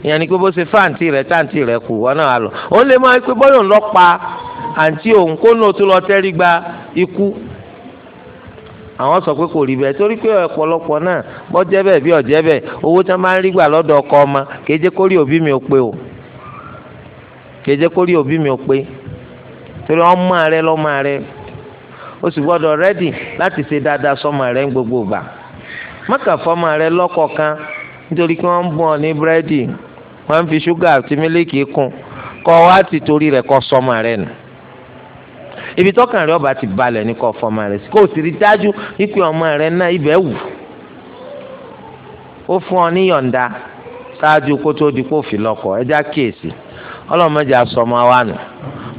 ìyẹn ni pé bó ṣe fáǹtì rẹ̀ táǹtì rẹ̀ kù wọn náà lọ òun lè máa pé bọ́yọ̀ ń lọ pa àǹtí òun kó náà tó lọ tẹ́rí gba ikú àwọn sọ pé kò rí bẹ́ẹ̀ torí pé ọ̀pọ̀lọpọ̀ náà bọ́ bí owó tí wọ́n máa ń rí gbà lọ́dọ̀ ọkọ ọmọ kéje kórìí òbí mi ò o òbí mi gbogbo rẹ lọ́kọ̀ọ̀kan nítorí wọ́n ń wọ́n fi ṣúgà àti mílíkì kún kọ́ wá ti torí rẹ̀ kọ́ sọ́mọ rẹ̀ nù ibi tọ́kàn rẹ ọba ti balẹ̀ ní kọ́ fọ́mọ rẹ̀ sí kò sì rí dájú wípé ọmọ rẹ̀ náà ibẹ̀ wù ó fún ọ ní yọ̀ǹda ṣáájú kó tó di kó fi lọ́kọ ẹ kíyèsí ọlọ́mọdé asọmọ wa nù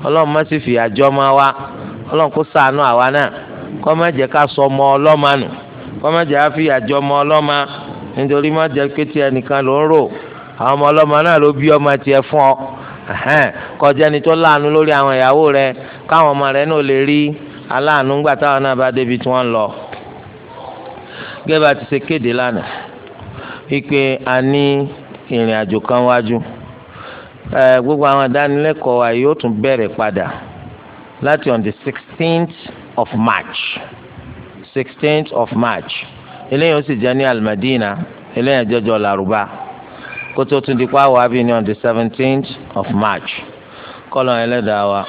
ọlọ́mọ sì wa kó àwa náà sọmọ ọlọ́mọ nù kọ́ má jẹ́ ọlọ́mọ nítorí ẹnìkan ló ń rò àwọn ọmọ ọlọmọ náà ló bí ọmọ tiẹ̀ fún ọ kọjá ni tó láàánú lórí àwọn ìyàwó rẹ káwọn ọmọ rẹ náà lè rí aláàánú ńgbà táwọn náà bá débi tí lọ. gẹ́gẹ́ ti ṣe kéde lánàá wípé a ní ìrìn àjò kan wájú gbogbo àwọn ìdánilẹ́kọ̀ọ́ wa yóò tún bẹ̀rẹ̀ padà láti on the sixteenth of March sixteenth of March eléyìí ó sì jẹ́ ní madina eléyìí jọjọ làrúbá. kótó tún di pa wà on the seventeenth of march kọ́lọ̀ ẹlẹ́dàá wa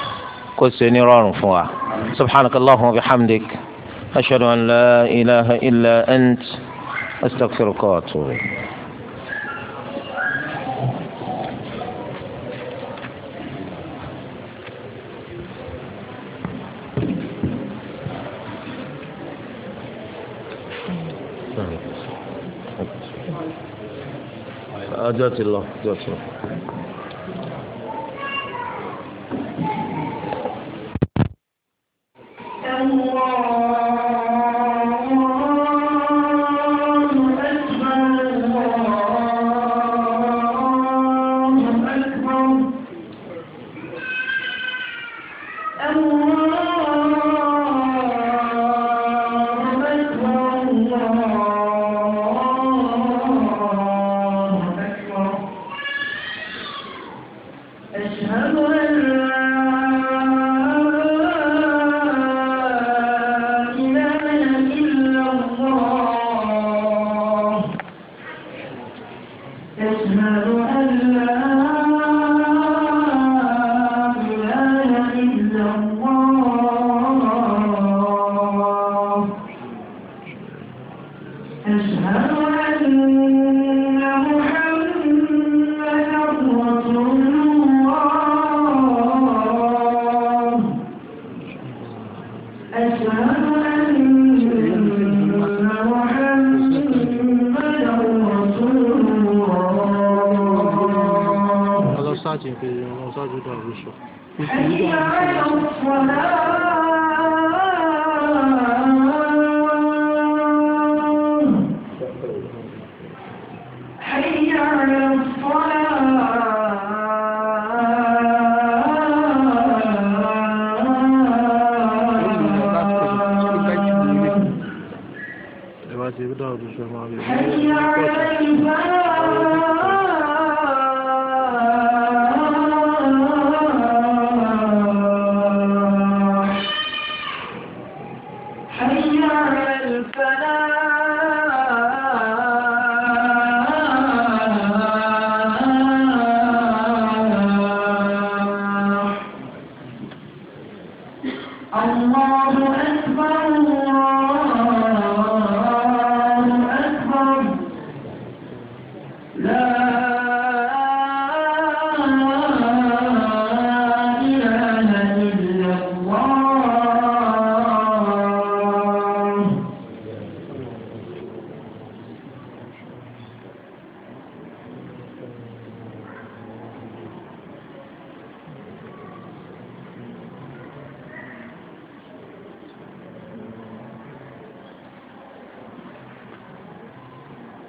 kó ṣe ní rọrùn fún wa subhanakallahu wa bihamdik ashadu an la ilaha illa ant astaghfiruka wa atubu. ọjọ́ ti lọ ọjọ́ ti lọ.